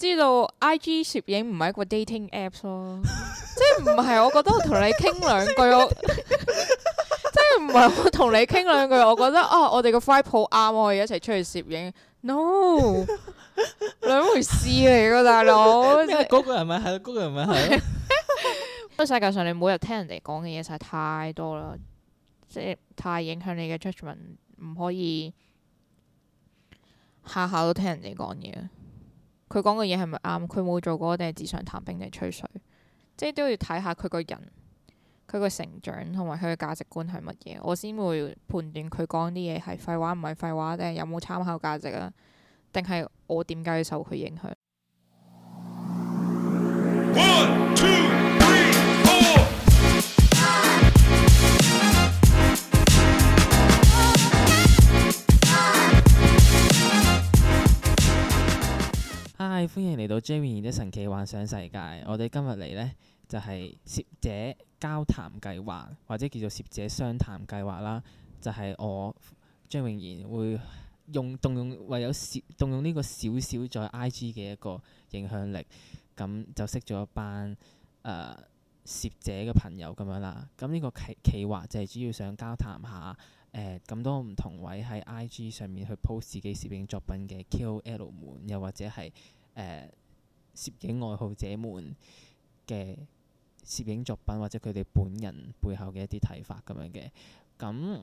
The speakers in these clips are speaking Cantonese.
知道 IG 攝影唔係一個 dating apps 咯， 即係唔係？我覺得我同你傾兩句， 我 即係唔係我同你傾兩句，我覺得哦、啊，我哋個 vibe 好啱，我哋一齊出去攝影。No， 兩回事嚟噶，大佬。即係嗰個人咪係囉，嗰個人咪係囉。因為世界上你每日聽人哋講嘅嘢實在太多啦，即係太影響你嘅 judgment，唔可以下下都聽人哋講嘢。佢講嘅嘢係咪啱？佢冇做過定係紙上談兵定係吹水？即係都要睇下佢個人、佢個成長同埋佢嘅價值觀係乜嘢，我先會判斷佢講啲嘢係廢話唔係廢話定係有冇參考價值啊？定係我點解要受佢影響？One, Hi，歡迎嚟到張永賢的神奇幻想世界。我哋今日嚟呢，就係、是、攝者交談計劃，或者叫做攝者商談計劃啦。就係、是、我張永賢會用動用，唯有小動用呢個少少在 IG 嘅一個影響力，咁就識咗一班誒、呃、攝者嘅朋友咁樣啦。咁呢個企企劃就係主要想交談下誒咁、呃、多唔同位喺 IG 上面去 post 自己攝影作品嘅 KOL 們，又或者係。誒、呃、攝影愛好者們嘅攝影作品，或者佢哋本人背後嘅一啲睇法咁樣嘅。咁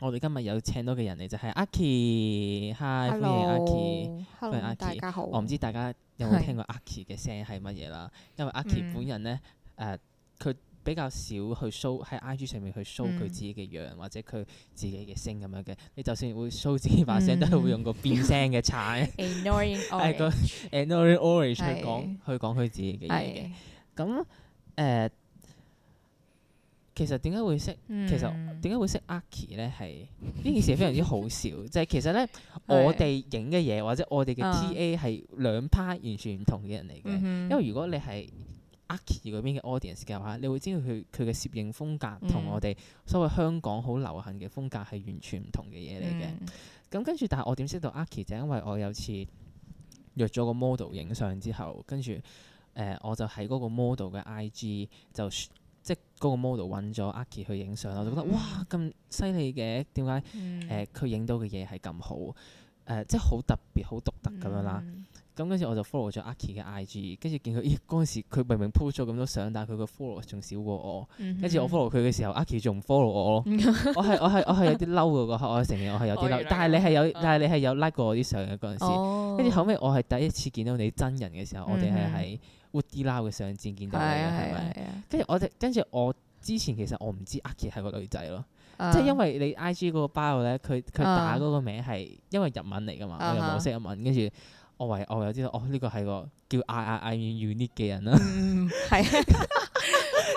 我哋今日有請到嘅人嚟就係阿 k e h i 歡迎阿 Key，Hello, 迎阿 k e 我唔知大家有冇聽過阿 k e 嘅聲係乜嘢啦，是因為阿 k e 本人咧誒佢。嗯呃比較少去 show 喺 IG 上面去 show 佢自己嘅樣或者佢自己嘅聲咁樣嘅，你就算會 show 自己把聲，都係會用個變聲嘅叉，係 Annoying Orange 對對對去講去講佢自己嘅嘢嘅。咁誒、嗯，其實點解會識？其實點解會識 Aki 咧？係呢件事非常之好笑， 就係其實咧，我哋影嘅嘢或者我哋嘅 TA 係兩 part 完全唔同嘅人嚟嘅。因為如果你係 Aki 嗰邊嘅 audience 嘅話，你會知道佢佢嘅攝影風格同我哋所謂香港好流行嘅風格係完全唔同嘅嘢嚟嘅。咁跟住，但係我點識到 Aki 就因為我有次約咗個 model 影相之後，跟住誒我就喺嗰個 model 嘅 IG 就即係嗰個 model 揾咗 Aki 去影相，我就覺得哇，咁犀利嘅，點解誒佢影到嘅嘢係咁好誒、呃，即係好特別、好獨特咁樣啦。嗯嗯。咁跟住我就 follow 咗 Aki 嘅 IG，跟住見佢，咦嗰陣時佢明明 post 咗咁多相，但係佢個 follow 仲少過我。跟住我 follow 佢嘅時候，Aki 仲唔 follow 我咯。我係我係我係有啲嬲嘅，我承認我係有啲嬲。但係你係有，但係你係有 like 過我啲相嘅嗰陣時。跟住後尾，我係第一次見到你真人嘅時候，我哋係喺 Wooty Lau 嘅相展見到你嘅，係咪？跟住我哋，跟住我之前其實我唔知 Aki 係個女仔咯，即係因為你 IG 嗰個 bio 咧，佢佢打嗰個名係因為日文嚟㗎嘛，我又冇識日文，跟住。我為我有知道哦，呢個係個叫 i i m the unique 嘅人啦、嗯。嗯，係啊，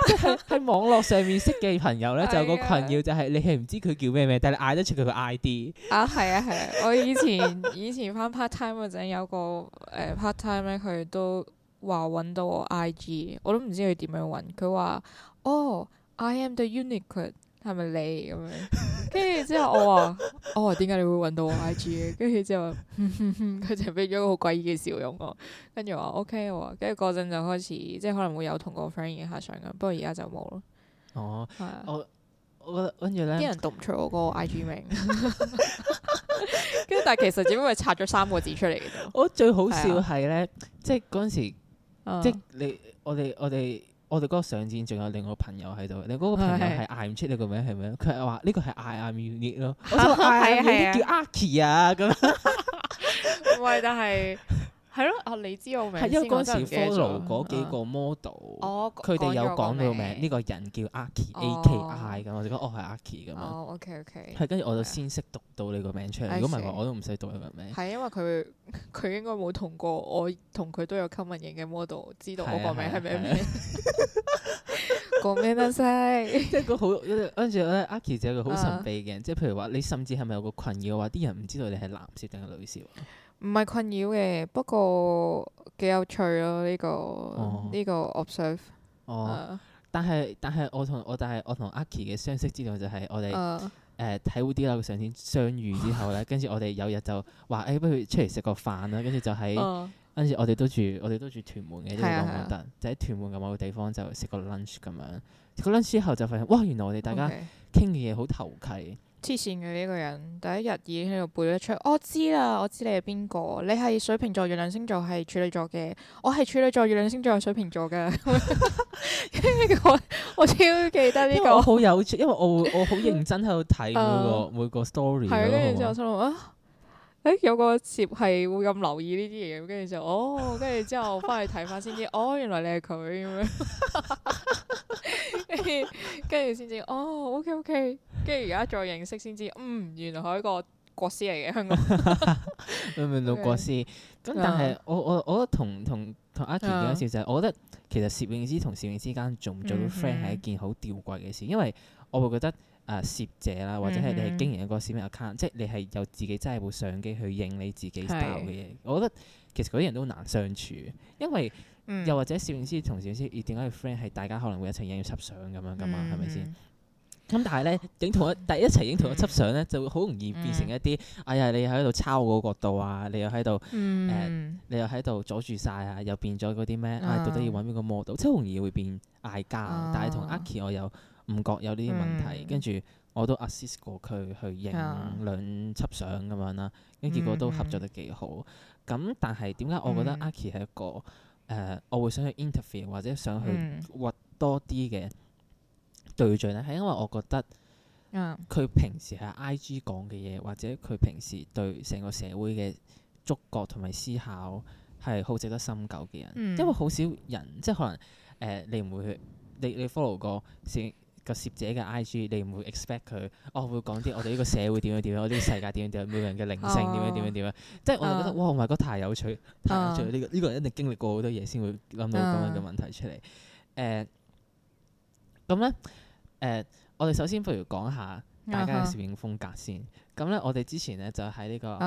即係喺網絡上面識嘅朋友咧，就有個困擾就係你係唔知佢叫咩名， 但係嗌得出佢個 I D。啊，係啊，係啊，我以前以前返 part time 嗰陣有個誒、呃、part time 咧，佢都話揾到我 I G，我都唔知佢點樣揾，佢話哦，I am the unique 係咪你咁樣？跟住之後我話， 我話點解你會搵到我 I G 嘅？跟住之後佢就俾咗個好詭異嘅笑容我。跟住我 OK，我話，跟住嗰陣就開始，即係可能會有同個 friend 影下相咁。不過而家就冇咯。哦，係啊，我覺得跟跟住咧，啲人讀唔出我個 I G 名。跟 住但係其實只因為拆咗三個字出嚟嘅啫。我覺得最好笑係咧，是啊、即係嗰陣時，即係你我哋我哋。我我哋嗰個上戰仲有另外個朋友喺度，你嗰個朋友係嗌唔出你個名係咪？佢係話呢個係 I am Unique 咯，我話 I am Unique 叫 Aki 啊咁。唔係、啊，啊、 但係。係咯，啊，你知我名因為嗰時 follow 嗰幾個 model，佢哋有講到名，呢個人叫 Aki Aki 咁，我哋講哦係 Aki 咁。嘛。哦，OK OK。係跟住我就先識讀到你個名出嚟。如果唔係，我都唔使讀你個名。係因為佢佢應該冇同過我，同佢都有 common 嘅 model，知道我個名係咩名。講咩東西？一個好跟住咧，Aki 就係一個好神秘嘅，即係譬如話，你甚至係咪有個群嘅話，啲人唔知道你係男士定係女士喎？唔係困擾嘅，不過幾有趣咯呢、這個呢、哦、個 observe。哦、啊但，但係但係我同我但係我同 Aki 嘅相識之道就係我哋誒睇《啊呃、Who d 上天相遇之後咧，跟住 我哋有日就話誒、哎，不如出嚟食個飯啦，跟住就喺跟住我哋都住我哋都住屯門嘅呢個唔得，啊、就喺屯門嘅某個地方就食個 lunch 咁樣。食個 lunch 之後就發現哇，原來我哋大家傾嘅嘢好投契。黐線嘅呢個人，第一日已經喺度背得出。我知啦，我知，我知你係邊個？你係水瓶座月亮星座，係處女座嘅。我係處女座月亮星座，水瓶座嘅。 我我超記得呢、呢個，我好有趣，因為我我好認真喺度睇每個 每個 story。係、嗯，跟住、 啊哦、之後心諗啊，誒有個攝係會咁留意呢啲嘢，跟住就哦，跟住之後翻去睇翻先知，哦原來你係佢咁樣。跟住跟住先知，哦，OK OK, okay。跟住而家再認識先知，嗯，原來我係一個國師嚟嘅香港，你明唔明到國師？咁但係我我我同同同阿傑講笑就係，我覺得其實攝影師同攝影之間做唔做到 friend 係一件好吊詭嘅事，因為我會覺得誒攝者啦，或者係你係經營一個攝影 account，即係你係有自己真係一部相機去影你自己嘅嘢。我覺得其實嗰啲人都難相處，因為又或者攝影師同攝影師而點解要 friend 係大家可能會一齊影要輯相咁樣噶嘛，係咪先？咁但係咧影同一但一齊影同一輯相咧，嗯、就會好容易變成一啲、嗯、哎呀，你喺度抄我個角度啊，你又喺度誒，你又喺度阻住晒啊，又變咗嗰啲咩？哎，到底要揾邊個 model？即好容易會變嗌交。啊、但係同阿 k e 我又唔覺有呢啲問題，跟住、嗯、我都 assist 過佢去影兩輯相咁樣啦，跟、嗯、結果都合作得幾好。咁、嗯嗯、但係點解我覺得阿 Key 係一個誒、呃，我會想去 i n t e r v i e w 或者想去挖多啲嘅。對象咧，係因為我覺得，佢平時喺 I G 講嘅嘢，或者佢平時對成個社會嘅觸覺同埋思考，係好值得深究嘅人。嗯、因為好少人，即係可能，誒、呃，你唔會，你你 follow 過、那個攝者嘅 I G，你唔會 expect 佢，哦、會我會講啲我哋呢個社會點樣點樣， 我哋呢個世界點樣點樣，每個人嘅靈性點樣點樣點樣，哦、即係我就覺得，哦、哇，唔係嗰太有趣，太有趣呢個呢個，這個、人一定經歷過好多嘢先會諗到咁樣嘅問題出嚟。誒、嗯，咁咧、嗯。嗯誒，我哋、uh huh. 首先不如講下大家嘅攝影風格先。咁咧、uh huh. 嗯，我哋之前咧就喺呢、 e、個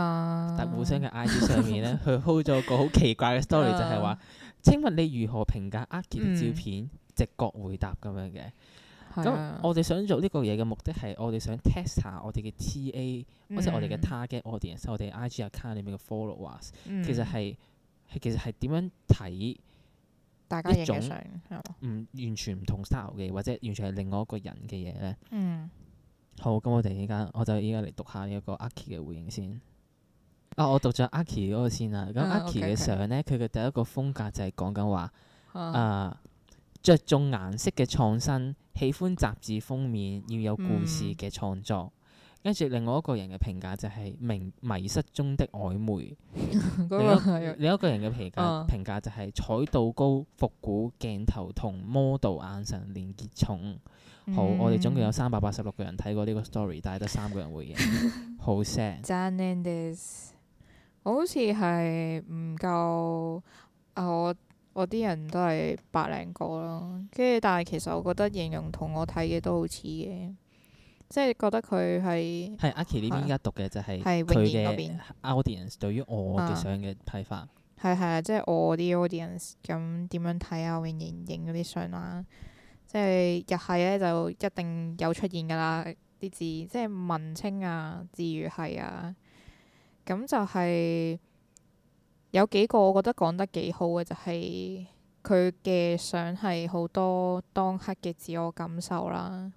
但互相嘅 I G 上面咧，去 hold 咗個好奇怪嘅 story，、uh huh. 就係話：請問你如何評價阿杰嘅照片？Mm. 直覺回答咁樣嘅。咁 Yeah. 我哋想做呢個嘢嘅目的係，我哋想 test 下我哋嘅 T A 或者我哋嘅 target audience，我哋 I G account 裏面嘅 followers，、mm. 其實係係其實係點樣睇？大家一種嗯完全唔同 style 嘅或者完全係另外一個人嘅嘢咧。嗯、好，咁我哋依家我就依家嚟讀一下一個阿 Aki 嘅回應先。啊，我讀咗阿 Aki 嗰個先啦。咁阿 Aki 嘅相咧，佢嘅、嗯 okay, okay、第一個風格就係講緊話，誒、呃、著重顏色嘅創新，喜歡雜誌封面要有故事嘅創作。嗯跟住另外一個人嘅評價就係迷迷失中的曖昧，嗰個 另外一個人嘅評價評價就係彩度高、復古鏡頭同 model 眼神連結重。好，嗯、我哋總共有三百八十六個人睇過呢個 story，但係得三個人回應， 好 sad。 好似係唔夠啊、呃！我我啲人都係百零個啦，跟住但係其實我覺得形容同我睇嘅都好似嘅。即係覺得佢係，係 Aki 呢邊而家讀嘅就係永妍嗰邊 Audience 對於我嘅相嘅睇法，係係即係我啲 Audience 咁點樣睇啊？永妍影嗰啲相啦，即係日系咧就一定有出現噶啦啲字，即係文青啊，治癒系啊，咁就係有幾個我覺得講得幾好嘅就係佢嘅相係好多當刻嘅自我感受啦。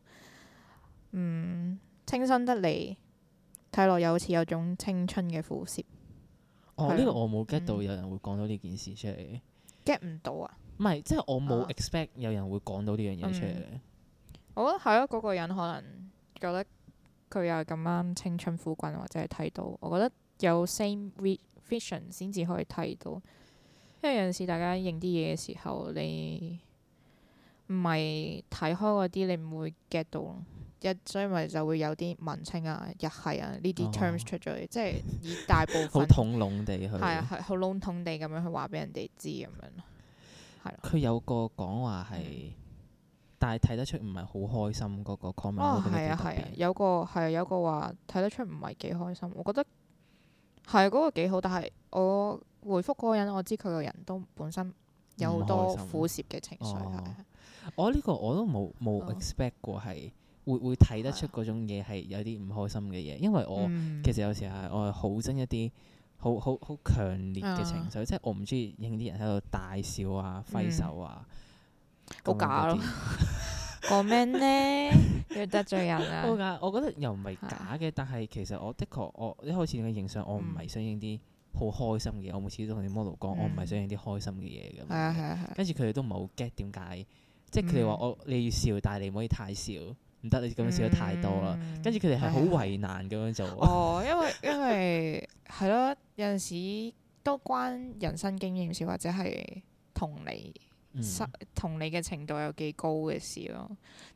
嗯，清新得嚟睇落又好似有種青春嘅苦澀。哦，呢的、哦這個我冇 get 到，有人會講到呢件事出嚟、嗯，真係 get 唔到啊！唔係，即係我冇 expect 有人會講到呢樣嘢出嚟來、嗯。我覺得係咯，嗰、那個人可能覺得佢又係咁啱青春苦棍，或者係睇到。我覺得有 same vision 先至可以睇到，因為有陣時大家認啲嘢嘅時候，你唔係睇開嗰啲，你唔會 get 到。嗯一所以咪就會有啲文青啊、日系啊呢啲 terms 出咗、哦、即係以大部分好統籠地去係啊，係好籠統地咁樣去話俾人哋知咁樣咯，係咯、嗯。佢有個講話係，但係睇得出唔係好開心嗰個 comment。哦，係啊，係啊，有個係有個話睇得出唔係幾開心。我覺得係嗰、嗰個幾好，但係我回覆嗰個人，我知佢個人都本身有好多苦澀嘅情緒。我呢個我都冇冇 expect 過係。哦會會睇得出嗰種嘢係有啲唔開心嘅嘢，因為我其實有時係我係好憎一啲好好好強烈嘅情緒，即係我唔中意影啲人喺度大笑啊、揮手啊，好假咯。講咩咧？要得罪人啊？好假。我覺得又唔係假嘅，但係其實我的確我一開始影影相，我唔係想影啲好開心嘅嘢。我每次都同你 model 講，我唔係想影啲開心嘅嘢。咁跟住佢哋都唔係好 get 點解，即係佢哋話我你要笑，但係你唔可以太笑。唔得，你咁樣笑得太多啦，跟住佢哋係好為難咁樣做、嗯。哦，因為因為係咯， 有陣時都關人生經驗少或者係同理。失同、嗯、你嘅程度有幾高嘅事咯，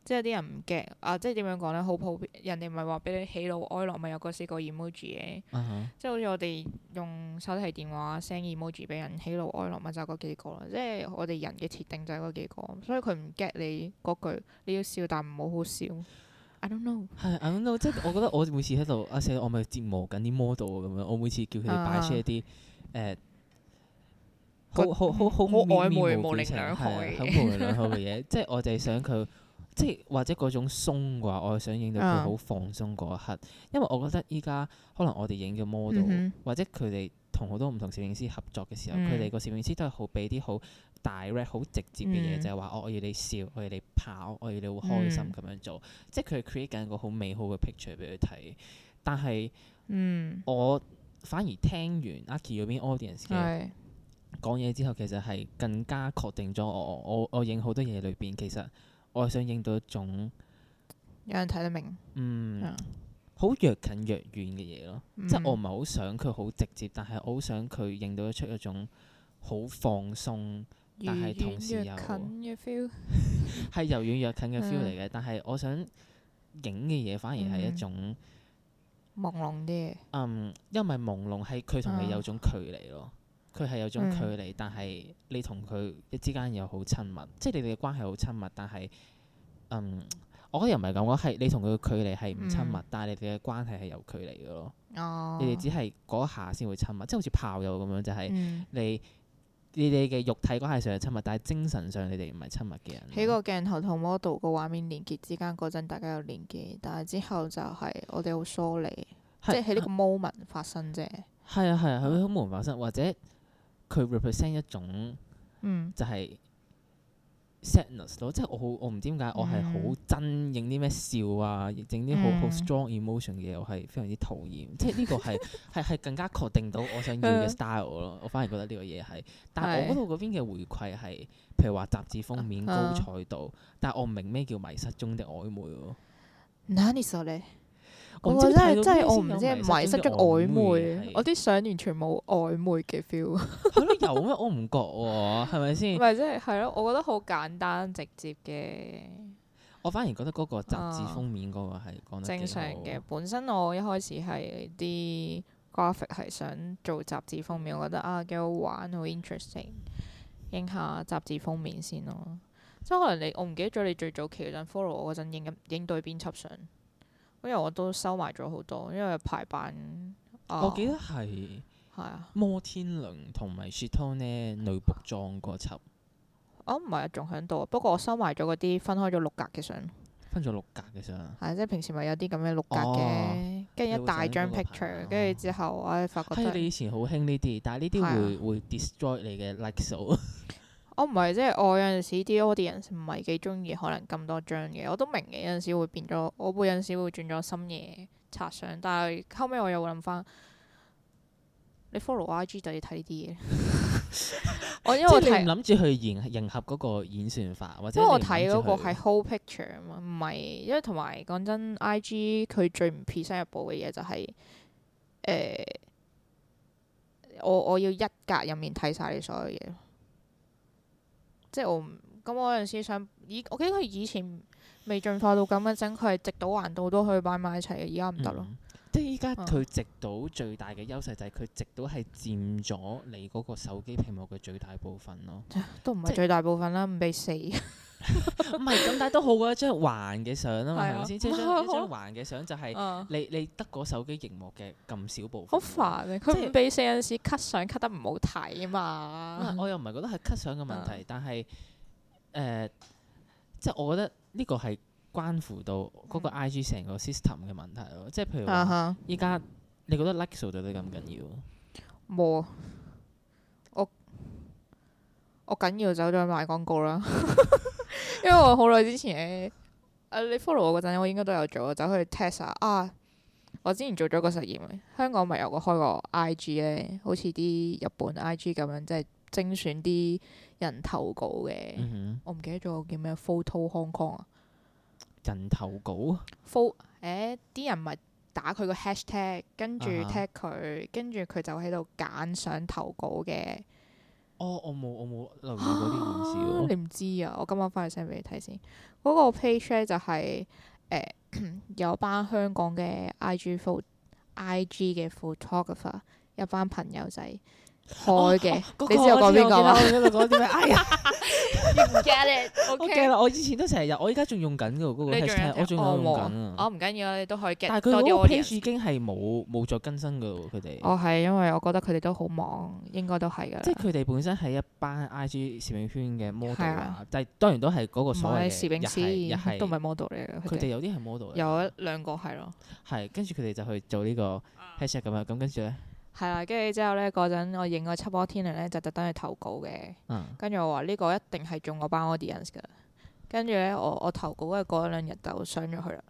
即係有啲人唔 get 啊，即係點樣講咧？好普遍，人哋唔係話俾你喜怒哀樂咪有個四個 emoji 嘅，嗯、哼即係好似我哋用手提電話 send emoji 俾人喜怒哀樂咪就係嗰幾個咯，即係我哋人嘅設定就係嗰幾個，所以佢唔 get 你嗰句，你要笑但唔好好笑。I don't know。係 I don't know， 即係我覺得我每次喺度啊我咪折磨緊啲 model 咁樣，我每次叫佢哋擺出一啲誒。啊啊好好好好曖昧模棱兩可嘅嘢，即係我就係想佢，即係或者嗰種鬆嘅話，我係想影到佢好放鬆嗰一刻，因為我覺得依家可能我哋影嘅 model 或者佢哋同好多唔同攝影師合作嘅時候，佢哋個攝影師都係好俾啲好 direct、好直接嘅嘢，就係話我我要你笑，我要你跑，我要你好開心咁樣做，即係佢 create 緊個好美好嘅 picture 俾佢睇。但係，嗯，我反而聽完 Aki 嗰邊 audience 嘅。講嘢之後，其實係更加確定咗我。我我影好多嘢裏邊，其實我係想影到一種，有人睇得明。嗯，好、嗯、若近若遠嘅嘢咯，嗯、即係我唔係好想佢好直接，但係我好想佢影到一出一種好放鬆，但係同時又係又遠又近嘅 feel 嚟嘅。但係我想影嘅嘢反而係一種朦朧啲。嗯，因為朦朧係佢同你有種距離咯、嗯。佢係有種距離，但係你同佢之間又好親密，即係你哋嘅關係好親密，但係，嗯，我覺得又唔係咁講，係你同佢嘅距離係唔親密，嗯、但係你哋嘅關係係有距離嘅咯。哦、你哋只係嗰下先會親密，即係好似炮友咁樣，就係、是、你、嗯、你哋嘅肉體關係上係親密，但係精神上你哋唔係親密嘅人。喺個鏡頭同 model 個畫面連結之間嗰陣，大家有連結，但係之後就係我哋好疏離，是即係喺呢個 moment 發生啫。係啊係啊，佢 moment 發生或者。或者或者佢 represent 一種就 ness、嗯，就係 sadness 咯，即係我好，我唔知點解，我係好憎影啲咩笑啊，整啲好好 strong emotion 嘅嘢，我係非常之討厭，嗯、即係呢個係係係更加確定到我想要嘅 style 咯、嗯，我反而覺得呢個嘢係，但係我嗰度嗰邊嘅回饋係，譬如話雜誌封面高彩度，嗯、但係我唔明咩叫迷失中的曖昧咯。我，我真係真係我唔知，迷失咗曖昧，的我啲相完全冇曖昧嘅 feel，有咩 我唔覺喎，係咪先？唔係即係係咯，我覺得好簡單直接嘅。我反而覺得嗰個雜誌封面嗰個係講得、啊、正常嘅。本身我一開始係啲 graphic 係想做雜誌封面，我覺得啊幾好玩，好 interesting，影下雜誌封面先咯。即係可能你我唔記得咗你最早期嗰陣 follow 我嗰陣影影對邊輯相。因為我都收埋咗好多，因為排版。啊、我記得係係啊摩天輪同埋雪 h 呢女僕裝嗰輯。哦唔係啊，仲喺度，不過我收埋咗嗰啲分開咗六格嘅相。分咗六格嘅相。係即係平時咪有啲咁嘅六格嘅，跟住、哦、一大張 picture，跟住之後我、哎、發覺。係你以前好興呢啲，但係呢啲會、啊、會 destroy 你嘅 likes、so 我唔係，即係我有陣時啲 audience 唔係幾中意可能咁多張嘅，我都明嘅。有陣時會變咗，我會有陣時會轉咗深夜刷相，但係後尾我又會諗翻，你 follow I G 就要睇呢啲嘢。我 因為我係唔諗住去迎迎合嗰個演算法，或者不因為我睇嗰個係 whole picture 啊嘛，唔係因為同埋講真，I G 佢最唔 presentable 嘅嘢就係、是、誒、呃、我我要一格入面睇晒你所有嘢。即係我咁，噉我嗰陣時想，以我記得佢以前未進化到咁樣整，佢係直到橫倒都可以擺埋一齊嘅，而家唔得咯。即係而家佢直到最大嘅優勢就係佢直到係佔咗你嗰個手機屏幕嘅最大部分咯，啊、都唔係最大部分啦，五比四。給 唔係咁，但係都好過一張橫嘅相啊嘛，係咪先？即係張張橫嘅相就係你你得嗰手機螢幕嘅咁少部分。好煩，佢唔俾成 c 時 cut 相 cut 得唔好睇嘛。我又唔係覺得係 cut 相嘅問題，但係誒，即係我覺得呢個係關乎到嗰個 I G 成個 system 嘅問題咯。即係譬如話，依家你覺得 like 數到底咁緊要？冇，我我緊要走咗去賣廣告啦。 因為我好耐之前咧，誒、哎、你 follow 我嗰陣，我應該都有做，走去 test 下啊。我之前做咗個實驗，香港咪有個開個 IG 咧，好似啲日本 IG 咁樣，即係精選啲人投稿嘅、嗯哼。我唔記得咗叫咩 Photo Hong Kong 啊。人投稿？Photo 誒，啲、哎、人咪打佢個 hashtag，跟住 tag 佢，啊、哈跟住佢就喺度揀想投稿嘅。哦，我冇，我冇留意嗰啲，唔知喎。你唔知啊？我今晚翻去 send 俾你睇先。嗰個 page 咧就係誒呃，有班香港嘅 IG food，IG 嘅 photographer，一班朋友仔。開嘅，你知道講邊個嘛？我喺度講啲咩？哎呀，get it！我驚啦，我以前都成日有，我而家仲用緊噶喎，個我仲用緊，我唔緊要，你都可以，但係佢嗰已經係冇，冇再更新噶，佢哋。哦，係，因為我覺得佢哋都好忙，應該都係噶。即係佢哋本身係一班 I G 攝影圈嘅 model，但係當然都係嗰個所謂嘅，攝影師都唔係 model 嚟嘅。佢哋有啲係 model。有一兩個係咯。係，跟住佢哋就去做呢個 test 咁啊，咁跟住咧。係啦，跟住之後咧，嗰陣、嗯、我影、嗰輯、嗯這個嗯、摩天輪咧，就特登去投稿嘅。跟住我話呢個一定係中嗰班 audience 噶。跟住咧，我我投稿嘅嗰兩日就上咗去啦。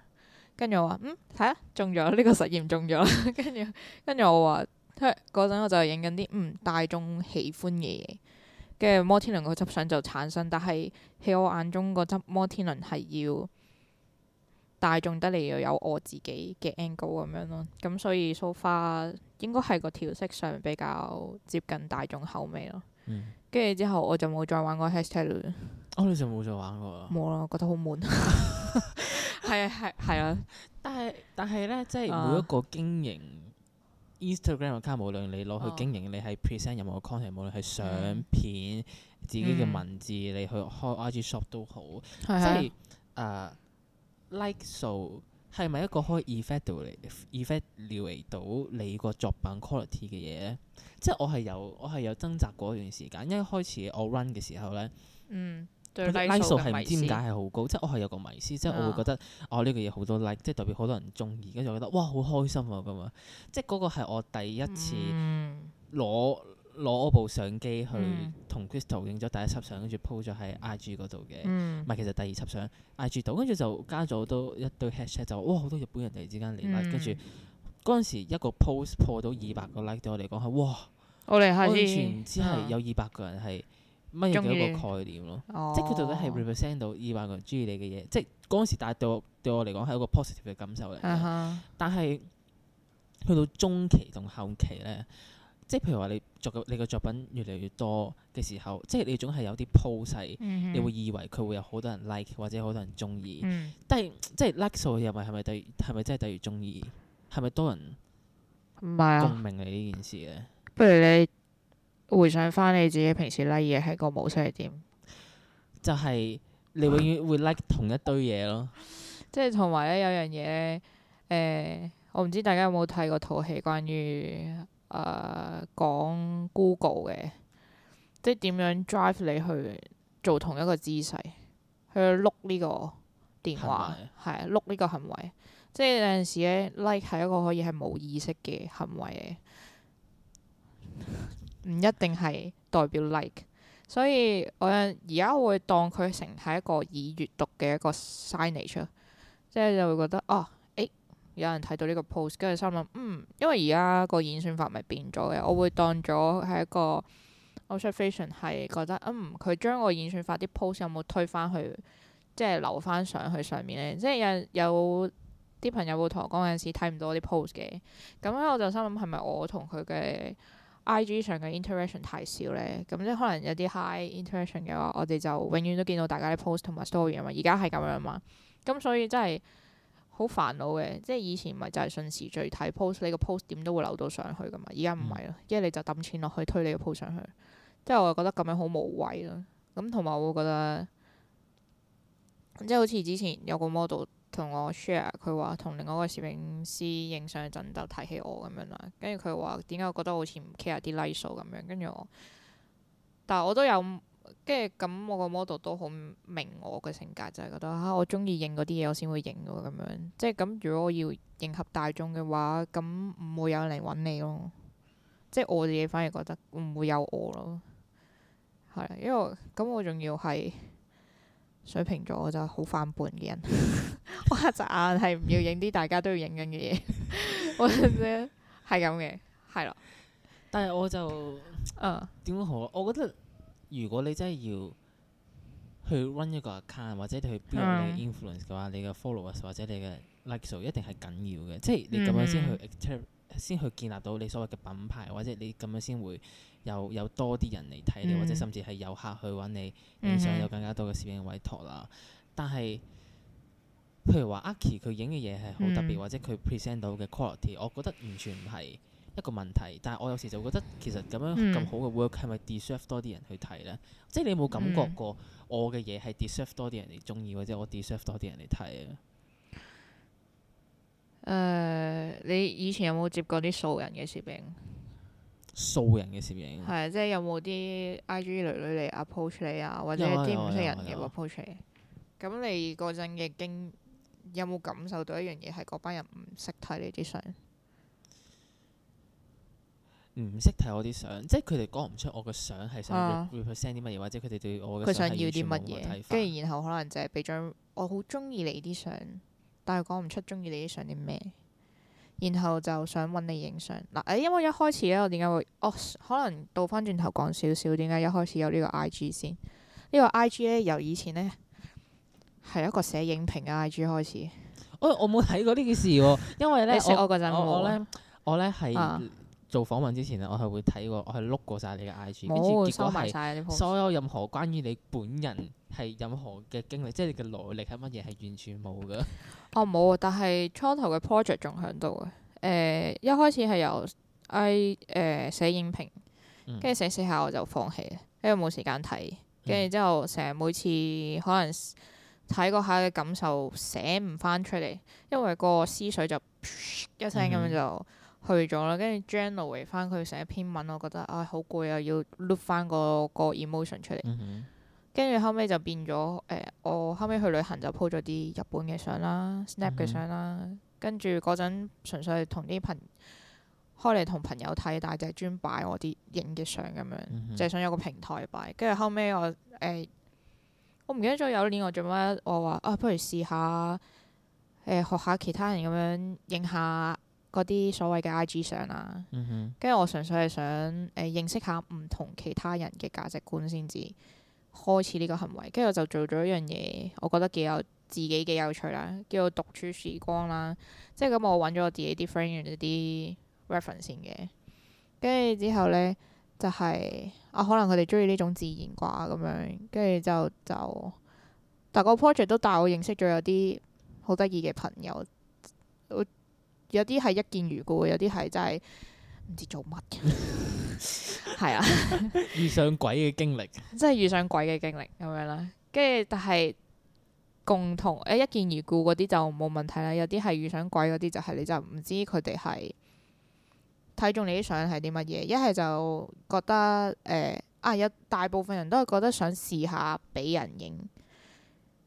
跟住我話嗯，係呀中咗呢個實驗中咗。跟住跟住我話，嗰陣我就影緊啲嗯大眾喜歡嘅嘢。跟住摩天輪嗰輯相就產生，但係喺我眼中嗰輯摩天輪係要。大眾得嚟又有我自己嘅 angle 咁樣咯，咁所以 so far，應該係個調色上比較接近大眾口味咯。跟住之後我就冇再玩過 hashtag 啦。哦，你就冇再玩過啦。冇啦，我覺得好悶。係啊係係啊，但係但係咧，即係每一個經營 Instagram account，無論你攞去經營，你係 present 任何 content，無論係相片、自己嘅文字，你去開 IG shop 都好，即係誒。Like 數係咪一個可以 evaluate、evaluate 到你個作品 quality 嘅嘢咧？即係我係有我係有掙扎過一段時間，一開始我 run 嘅時候咧，嗯數，Like 數係唔知點解係好高，嗯、即係我係有個迷思，嗯、即係我會覺得哦呢、呢個嘢好多 like，即係代表好多人中意，跟住我覺得哇好開心啊咁啊！即係嗰個係我第一次攞。嗯攞部相機去同 Crystal 影咗第一輯相，跟住 po 咗喺 IG 嗰度嘅，唔係、嗯、其實第二輯相 IG 到，跟住就加咗都一堆 hashtag 就哇好多日本人突然之間嚟啦、like，嗯，跟住嗰陣時一個 post 破到二百個 like，對我嚟講係哇，我哋係完全唔知係有二百個人係乜嘢嘅一個概念咯，啊哦、即係佢到底係 represent 到二百個人鍾意你嘅嘢，哦、即係嗰陣時，但係對我對我嚟講係一個 positive 嘅感受嚟、uh huh，但係去到中期同後期咧。即係譬如話你作你嘅作品越嚟越多嘅時候，即係你總係有啲鋪勢，嗯、哼你會以為佢會有好多人 like 或者好多人鍾意。嗯、但係即係 like 數又咪係係咪等於係咪真係等於鍾意？係咪多人唔係啊？共鳴你呢件事嘅。不如你回想返你自己平時 like 嘢係個模式係點？就係你永遠會 like 同一堆嘢咯。 即係同埋咧，有樣嘢誒，我唔知大家有冇睇過套戲，關於。誒、uh, 講 Google 嘅，即係點樣 drive 你去做同一個姿勢去碌呢個電話，係啊，碌呢個行為，即係有陣時咧 like 係一個可以係冇意識嘅行為，唔一定係代表 like，所以我而家會當佢成係一個已閱讀嘅一個 signage，即係就會覺得啊。哦有人睇到呢個 post，跟住心諗，嗯，因為而家個演算法咪變咗嘅，我會當咗係一個 observation，係覺得，嗯，佢將個演算法啲 post 有冇推翻去，即係留翻上去上面咧，即係有有啲朋友會同我講有陣時睇唔到我啲 post 嘅，咁咧我就心諗係咪我同佢嘅 IG 上嘅 interaction 太少咧？咁即係可能有啲 high interaction 嘅話，我哋就永遠都見到大家啲 post 同埋 story 啊嘛，而家係咁樣嘛，咁所以真係。好煩惱嘅，即係以前咪就係順時序睇 post，你個 post 點都會流到上去㗎嘛。而家唔係咯，一係、嗯、你就抌錢落去推你個 post 上去，即係我覺得咁樣好無謂咯。咁同埋我會覺得，即係好似之前有個 model 同我 share，佢話同另外一個攝影師影相陣就提起我咁樣啦。跟住佢話點解我覺得我好似唔 care 啲 like 數咁樣。跟住我，但係我都有。跟住咁，我個 model 都好明我嘅性格，就係、是、覺得吓我中意影嗰啲嘢，我先會影嘅咁樣。即係咁，如果我要迎合大眾嘅話，咁唔會有人嚟揾你咯。即係我自己反而覺得唔會有我咯。係，因為咁我仲要係水瓶座，我就好反叛嘅人。 我一隻眼係唔要影啲大家都要影緊嘅嘢， 我係咁嘅，係咯。但係我就，嗯、啊，點講好？我覺得。如果你真係要去 run 一個 account 或者去 build 你嘅 influence 嘅話，你嘅 followers 或者你嘅 likes 數一定係緊要嘅，嗯、即係你咁樣先去 exert 先去建立到你所謂嘅品牌，或者你咁樣先會有有多啲人嚟睇你，嗯、或者甚至係有客去揾你影相，嗯、是 有更加多嘅攝影委託啦。但係，譬如話阿 Ki 佢影嘅嘢係好特別，嗯、或者佢 present 到嘅 quality，我覺得完全唔係一個問題，但係我有時就覺得其實咁樣咁、嗯、好嘅 work 係咪 deserve 多啲人去睇呢？嗯、即係你有冇感覺過我嘅嘢係 deserve 多啲人嚟中意，或者我 deserve 多啲人嚟睇啊？誒、呃，你以前有冇接過啲素人嘅攝影？素人嘅攝影係即係有冇啲 IG 女女嚟 approach 你啊，或者啲唔識人嘅 approach 你？咁你嗰陣嘅經有冇感受到一樣嘢係嗰班人唔識睇你啲相？唔識睇我啲相，即係佢哋講唔出我嘅相係想 represent 啲乜嘢，或者佢哋對我嘅佢想要啲乜嘢。跟住然後可能就係俾張我好中意你啲相，但係講唔出中意你啲相啲咩。然後就想揾你影相嗱，因為一開始咧，我點解會我可能倒翻轉頭講少少，點解一開始有呢個 I G 先？呢個、IG 呢個 I G 咧由以前呢，係一個寫影評嘅 I G 開始。哎、我冇睇過呢件事喎、啊，因為咧 我我，我，我，我呢，我呢係。嗯做訪問之前咧，我係會睇過，我係碌過晒你嘅 IG，跟住結果係所有任何關於你本人係任何嘅經歷， 即係你嘅來歷係乜嘢，係完全冇㗎。哦，冇，啊，但係初頭嘅 project 仲喺度啊。誒、呃，一開始係由 I 誒、呃、寫影評，跟住、嗯、寫寫下我就放棄，因為冇時間睇。跟住之後成日每次可能睇過下嘅感受寫唔翻出嚟，因為個思緒就噗一聲咁樣就。嗯去咗啦，跟住 generate 翻佢成一篇文，我覺得啊好攰啊，要 look 翻、嗰個、嗰個 emotion 出嚟。跟住、嗯、哼後尾就變咗誒、呃，我後尾去旅行就 po 咗啲日本嘅相啦，snap 嘅相啦。跟住嗰陣純粹係同啲朋開嚟同朋友睇，但係就係專擺我啲影嘅相咁樣，就係、嗯、哼想有個平台擺。跟住後尾我誒、呃，我唔記得咗有年我做乜，我話啊不如試下誒、呃、學下其他人咁樣影下。嗰啲所謂嘅 I.G 相啦，跟住、嗯、哼我純粹係想誒、呃、認識下唔同其他人嘅價值觀先至開始呢個行為，跟住我就做咗一樣嘢，我覺得幾有自己幾有趣啦，叫做獨處時光啦。即係咁，我揾咗我自己啲 friend 同一啲 reference 先嘅，跟住之後呢，就係、是、啊，可能佢哋中意呢種自然啩咁樣，跟住之後就就但個 project 都帶我認識咗有啲好得意嘅朋友。呃有啲係一見如故，有啲係真係唔知做乜嘅，係 是啊。遇上鬼嘅經歷，真係遇上鬼嘅經歷咁樣啦。跟住，但係共同誒，一見如故嗰啲就冇問題啦。有啲係遇上鬼嗰啲，就係你就唔知佢哋係睇中你啲相係啲乜嘢。一係就覺得誒、呃、啊，有大部分人都係覺得想試下俾人影，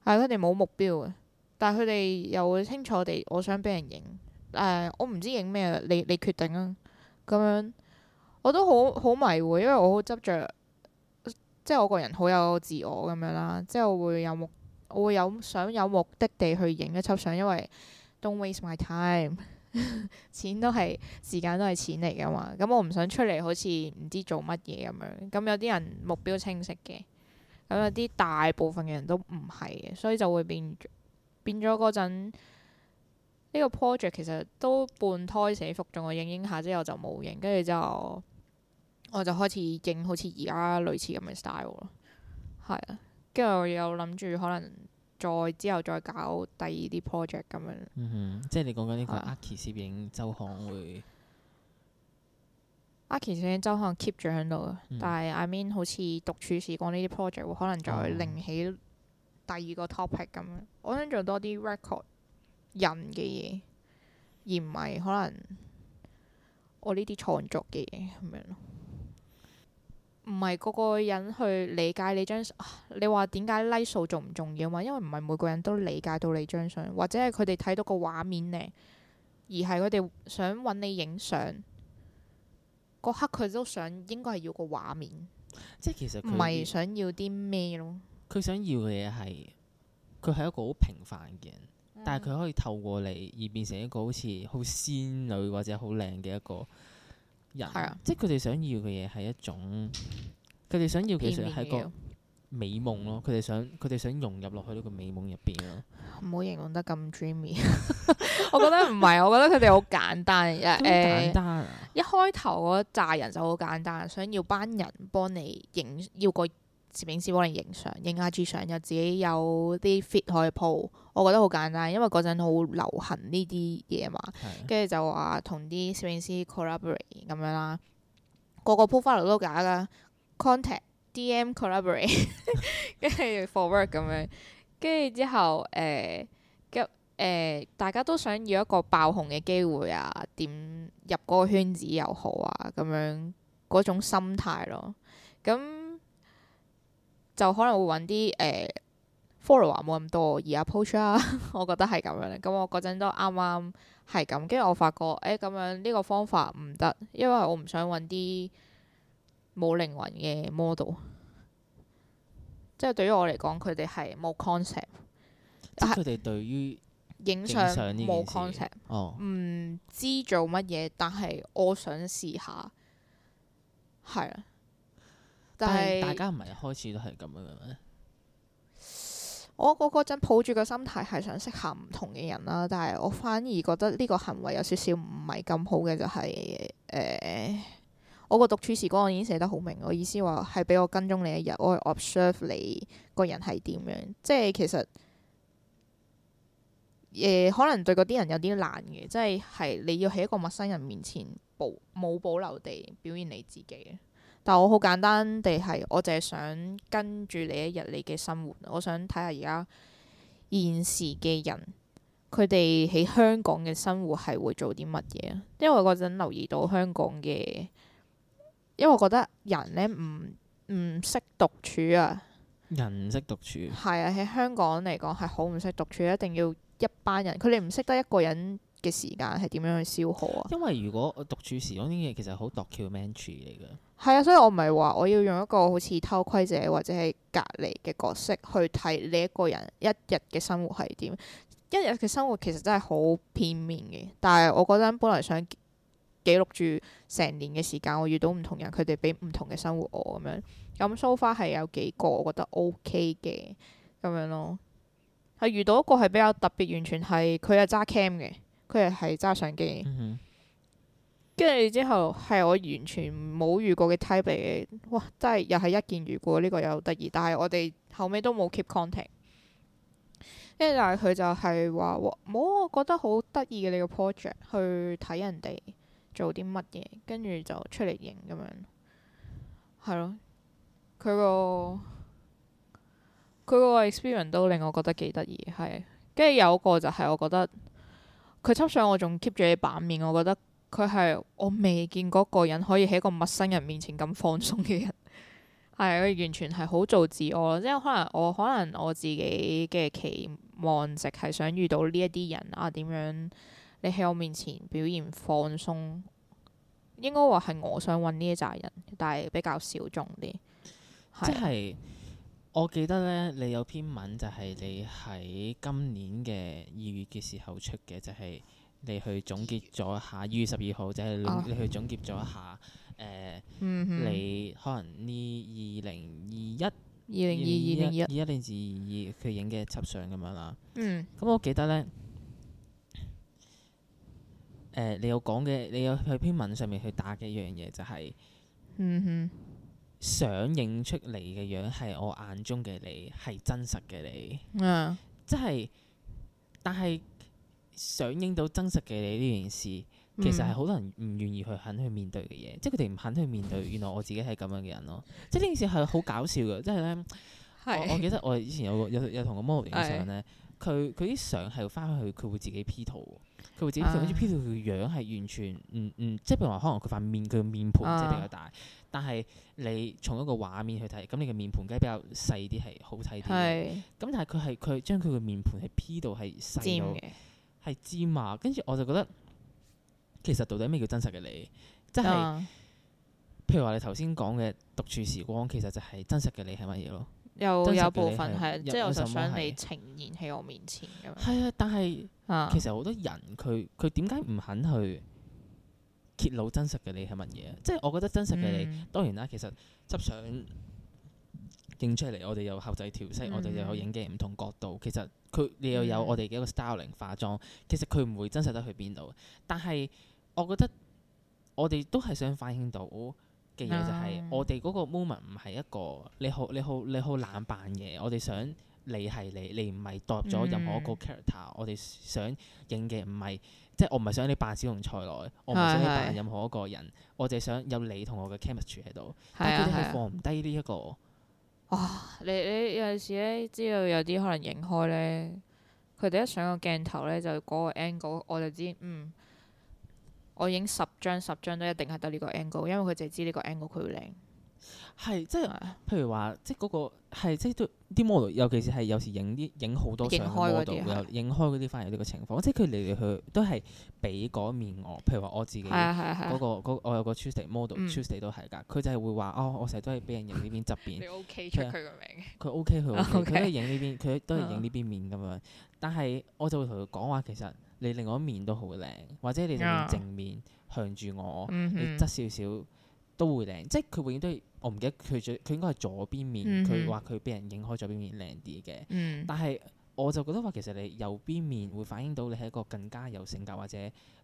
係佢哋冇目標嘅，但係佢哋又會清楚地我想俾人影。誒，uh, 我唔知影咩，你你決定啊，咁樣我都好好迷喎，因為我好執着，即係我個人好有自我咁樣啦。即係我會有目，我會有想有目的地去影一輯相，因為 Don't waste my time， 錢都係時間都係錢嚟噶嘛。咁我唔想出嚟好似唔知做乜嘢咁樣。咁有啲人目標清晰嘅，咁有啲大部分嘅人都唔係嘅，所以就會變變咗嗰陣。呢個 project 其實都半胎死腹中，我影影下之後就冇影，跟住之後我就開始影好似而家類似咁嘅 style 咯。係啊，跟住我有諗住可能再之後再搞第二啲 project 咁樣。嗯、即係你講緊呢個阿奇攝影周行會的。阿奇攝影周行 keep 住喺度嘅，嗯、但係 I mean 好似獨處時光呢啲 project 會可能再另起第二個 topic 咁樣。嗯、我想做多啲 record。人嘅嘢，而唔係可能我呢啲創作嘅嘢咁樣咯。唔係個個人去理解你張相，你話點解 like 數重唔重要嘛？因為唔係每個人都理解到你張相，或者係佢哋睇到個畫面靚，而係佢哋想揾你影相嗰刻，佢都想應該係要個畫面，即係其實唔係想要啲咩咯。佢想要嘅嘢係佢係一個好平凡嘅人。但係佢可以透過你而變成一個好似好仙女或者好靚嘅一個人，是啊、即係佢哋想要嘅嘢係一種，佢哋想要其實係一個美夢咯。佢哋想，佢哋想融入落去呢個美夢入邊咯。唔好形容得咁 dreamy， 我覺得唔係。 我覺得佢哋好簡單，誒、啊呃、一開頭嗰扎人就好簡單，想要班人幫你影，要個攝影師幫你影相，影下 IG 相，又自己有啲 fit 可以鋪。我覺得好簡單，因為嗰陣好流行呢啲嘢嘛，跟住的就話同啲攝影師 collaborate 咁樣啦，個個 profile 都假㗎，contact DM collaborate，跟住 forward 咁樣，跟住之後誒，夾、呃呃呃、大家都想要一個爆紅嘅機會啊，點入嗰個圈子又好啊，咁樣嗰種心態咯，咁、嗯、就可能會揾啲誒。呃 follow 啊冇咁多，而 approach 啊， 我覺得係咁樣咧。咁我嗰陣都啱啱係咁，跟住我發覺，誒、欸、咁樣呢、這個方法唔得，因為我唔想揾啲冇靈魂嘅 model，即係對於我嚟講，佢哋係冇 concept。即係佢哋對於、啊、影相冇 concept，唔、哦、知做乜嘢，但係我想試下，係啊。但係大家唔係開始都係咁樣嘅咩？我嗰嗰陣抱住個心態係想適合唔同嘅人啦，但係我反而覺得呢個行為有少少唔係咁好嘅就係、是、誒、呃，我個讀處時光我已經寫得好明，我意思話係俾我跟蹤你一日，我 observe 你個人係點樣，即係其實誒、呃、可能對嗰啲人有啲難嘅，即係係你要喺一個陌生人面前保冇保留地表現你自己。但我好簡單地係，我就係想跟住你一日你嘅生活，我想睇下而家現時嘅人，佢哋喺香港嘅生活係會做啲乜嘢？因為我嗰陣留意到香港嘅，因為我覺得人呢唔唔識獨處啊，人唔識獨處，係啊，喺香港嚟講係好唔識獨處，一定要一班人，佢哋唔識得一個人。嘅時間係點樣去消耗啊？因為如果我讀住時，嗰啲嘢其實好 documentary 嚟嘅係啊，所以我唔係話我要用一個好似偷窺者或者係隔離嘅角色去睇你一個人一日嘅生活係點？一日嘅生活其實真係好片面嘅。但係我覺得本嚟想記錄住成年嘅時間，我遇到唔同人，佢哋俾唔同嘅生活我咁樣咁。so far 係有幾個我覺得 ok 嘅咁樣咯，係遇到一個係比較特別，完全係佢係揸 cam 嘅。佢係係揸相機，跟住之後係我完全冇遇過嘅 type 嘅，哇！真係又係一見如故呢個又得意，但係我哋後尾都冇 keep contact。跟住但係佢就係話，冇，我覺得好得意嘅你個 project，去睇人哋做啲乜嘢，跟住就出嚟影咁樣，係咯。佢個佢個 experience 都令我覺得幾得意，係跟住有個就係我覺得。佢輯相我仲 keep 住嘅版面，我覺得佢係我未見過一個人可以喺一個陌生人面前咁放鬆嘅人，係，佢完全係好做自我咯。即係可能我可能我自己嘅期望值係想遇到呢一啲人啊，點樣你喺我面前表現放鬆，應該話係我想揾呢一紮人，但係比較小眾啲，即係。我記得咧，你有篇文就係你喺今年嘅二月嘅時候出嘅，就係、是、你去總結咗下二月十二號，就係你去總結咗下誒，你可能呢二零二一、二零二二零一、二零二二二佢影嘅輯相咁樣啦。嗯。咁我記得咧，誒、呃，你有講嘅，你有去篇文上面去打嘅一樣嘢就係、是，嗯哼。想影出嚟嘅樣係我眼中嘅你，係真實嘅你，即係 Yeah.。但係想影到真實嘅你呢件事，其實係好多人唔願意去肯去面對嘅嘢，mm. 即係佢哋唔肯去面對。原來我自己係咁樣嘅人咯， 即係呢件事係好搞笑嘅，即係呢，Yeah. 我我記得我以前有個有有同個 model 影 Yeah. 相呢，佢佢啲相係翻去佢會自己 P 圖。佢會自己 P 到佢樣係完全唔唔、嗯嗯，即係譬如話可能佢塊面佢面盤即比較大，啊、但係你從一個畫面去睇，咁你嘅面盤梗係比較細啲係好睇啲。咁是但係佢係佢將佢嘅面盤係 P 到係細到，係的尖嘛。跟住我就覺得其實到底咩叫真實嘅你？即係、啊、譬如話你頭先講嘅獨處時光，其實就係真實嘅你係乜嘢咯？又有部分係，即係我就想你呈現喺我面前咁。係啊，但係、啊、其實好多人佢佢點解唔肯去揭露真實嘅你係乜嘢？即係我覺得真實嘅你，嗯、當然啦，其實執相影出嚟，我哋有後製調色，嗯、我哋又有影機唔同角度，其實佢你又有我哋嘅一個 styling、嗯、化妝，其實佢唔會真實得去邊度。但係我覺得我哋都係想反映到。嘅嘢、嗯、就係我哋嗰個 moment 唔係一個你好你好你好冷扮嘅，我哋想你係你，你唔係代入咗任何一個 character、嗯、我哋想影嘅唔係即係我唔係想你扮小龍菜來，我唔想你扮任何一個人，的我哋想有你同我嘅 chemistry 喺度，的但係你放唔低呢一個。哇！你你有陣時咧，知道有啲可能影開咧，佢哋一上個鏡頭咧就嗰個 angle 我就知嗯。我影十張十張都一定係得呢個 angle，因為佢淨係知呢個 angle 佢會靚。係即係譬如話，即係嗰個係即係啲 model，尤其是係有時影啲影好多相 model，有影開嗰啲反而有呢個情況。即係佢嚟嚟去都係俾嗰面我。譬如話我自己，係嗰個我有個 choose the model，choose the 都係㗎。佢就係會話哦，我成日都係俾人影呢邊側邊。你 OK 出佢個名，佢 OK 佢，佢都係影呢邊，佢都係影呢邊面咁樣。但係我就會同佢講話，其實。你另外一面都好靚，或者你正面，正面向住我，嗯、哼你側少少都會靚，即係佢永遠都係我唔記得佢最佢應該係左邊面，佢話佢俾人影開左邊面靚啲嘅。嗯、哼但係我就覺得話其實你右邊面會反映到你係一個更加有性格或者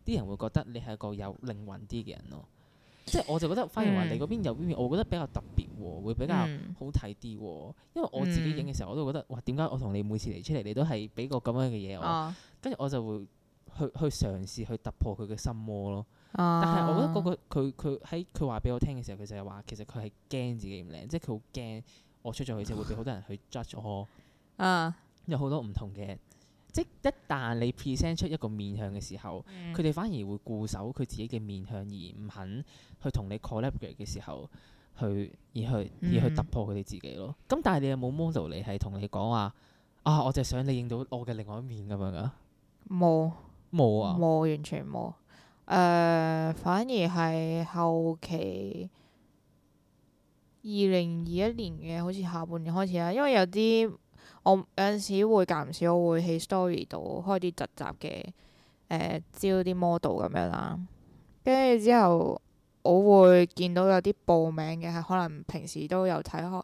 啲人會覺得你係一個有靈魂啲嘅人咯。嗯、哼即係我就覺得反而話你嗰邊右邊面，我覺得比較特別喎，會比較好睇啲喎。因為我自己影嘅時候我都覺得，哇！點解我同你每次嚟出嚟，你都係俾個咁樣嘅嘢我，跟住、嗯、哼我就會。去去嘗試去突破佢嘅心魔咯。啊、但係，我覺得嗰、那個佢佢喺佢話俾我聽嘅時候，佢就係話其實佢係驚自己唔靚，即係佢好驚我出咗去之後哇 會俾好多人去 judge 我。啊、有好多唔同嘅，即係一旦你 present 出一個面向嘅時候，佢哋、嗯、反而會固守佢自己嘅面向，而唔肯去同你 collaborate 嘅時候去，而去而去突破佢哋自己咯。咁、嗯、但係你有冇 model 你係同你講話啊，我就係想你影到我嘅另外一面咁樣噶冇？沒 冇啊，冇完全冇，誒、呃，反而係後期二零二一年嘅，好似下半年開始啦，因為有啲我有陣時會間唔時我會喺 story 度開啲特集嘅，誒、呃，招啲 model 咁樣啦，跟住之後我會見到有啲報名嘅係可能平時都有睇開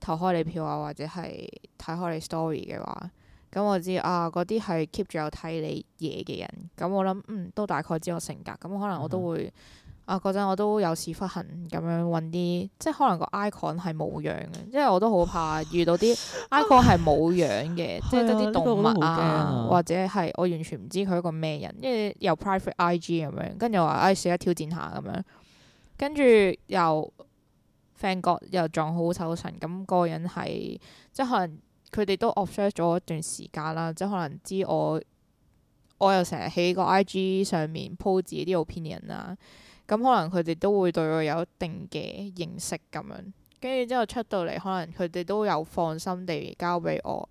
投開你票啊，或者係睇開你 story 嘅話。咁、嗯、我知啊，嗰啲係 keep 住有睇你嘢嘅人。咁我諗，嗯，都大概知我性格。咁、嗯、可能我都會啊，嗰陣我都有屎忽痕咁樣揾啲，即係可能個 icon 係冇樣嘅，因為我都好怕遇到啲 icon 係冇樣嘅， 即係得啲動物 啊，哎這個、啊或者係我完全唔知佢係一個咩人，因為由 private IG 咁樣，跟住話唉，試下挑戰下咁樣，跟住又 friend 角又撞好手神，咁個人係即係可能。佢哋都 observe 咗一段時間啦，即係可能知我我又成日喺個 I G 上面鋪自己啲 opinion 啦，咁可能佢哋都會對我有一定嘅認識咁樣。跟住之後出到嚟，可能佢哋都有放心地交俾我。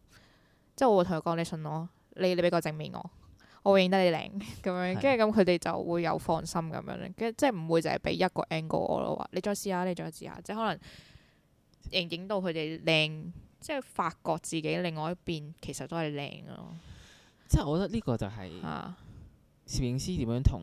即係我會同佢講：你信我，你你俾個正面我，我會認得你靚咁樣。跟住咁佢哋就會有放心咁樣咧。跟住即係唔會就係俾一個 angle 我咯。話你再試下，你再試下，即係可能影影到佢哋靚。即係發覺自己另外一邊其實都係靚咯，即係我覺得呢個就係攝影師點樣同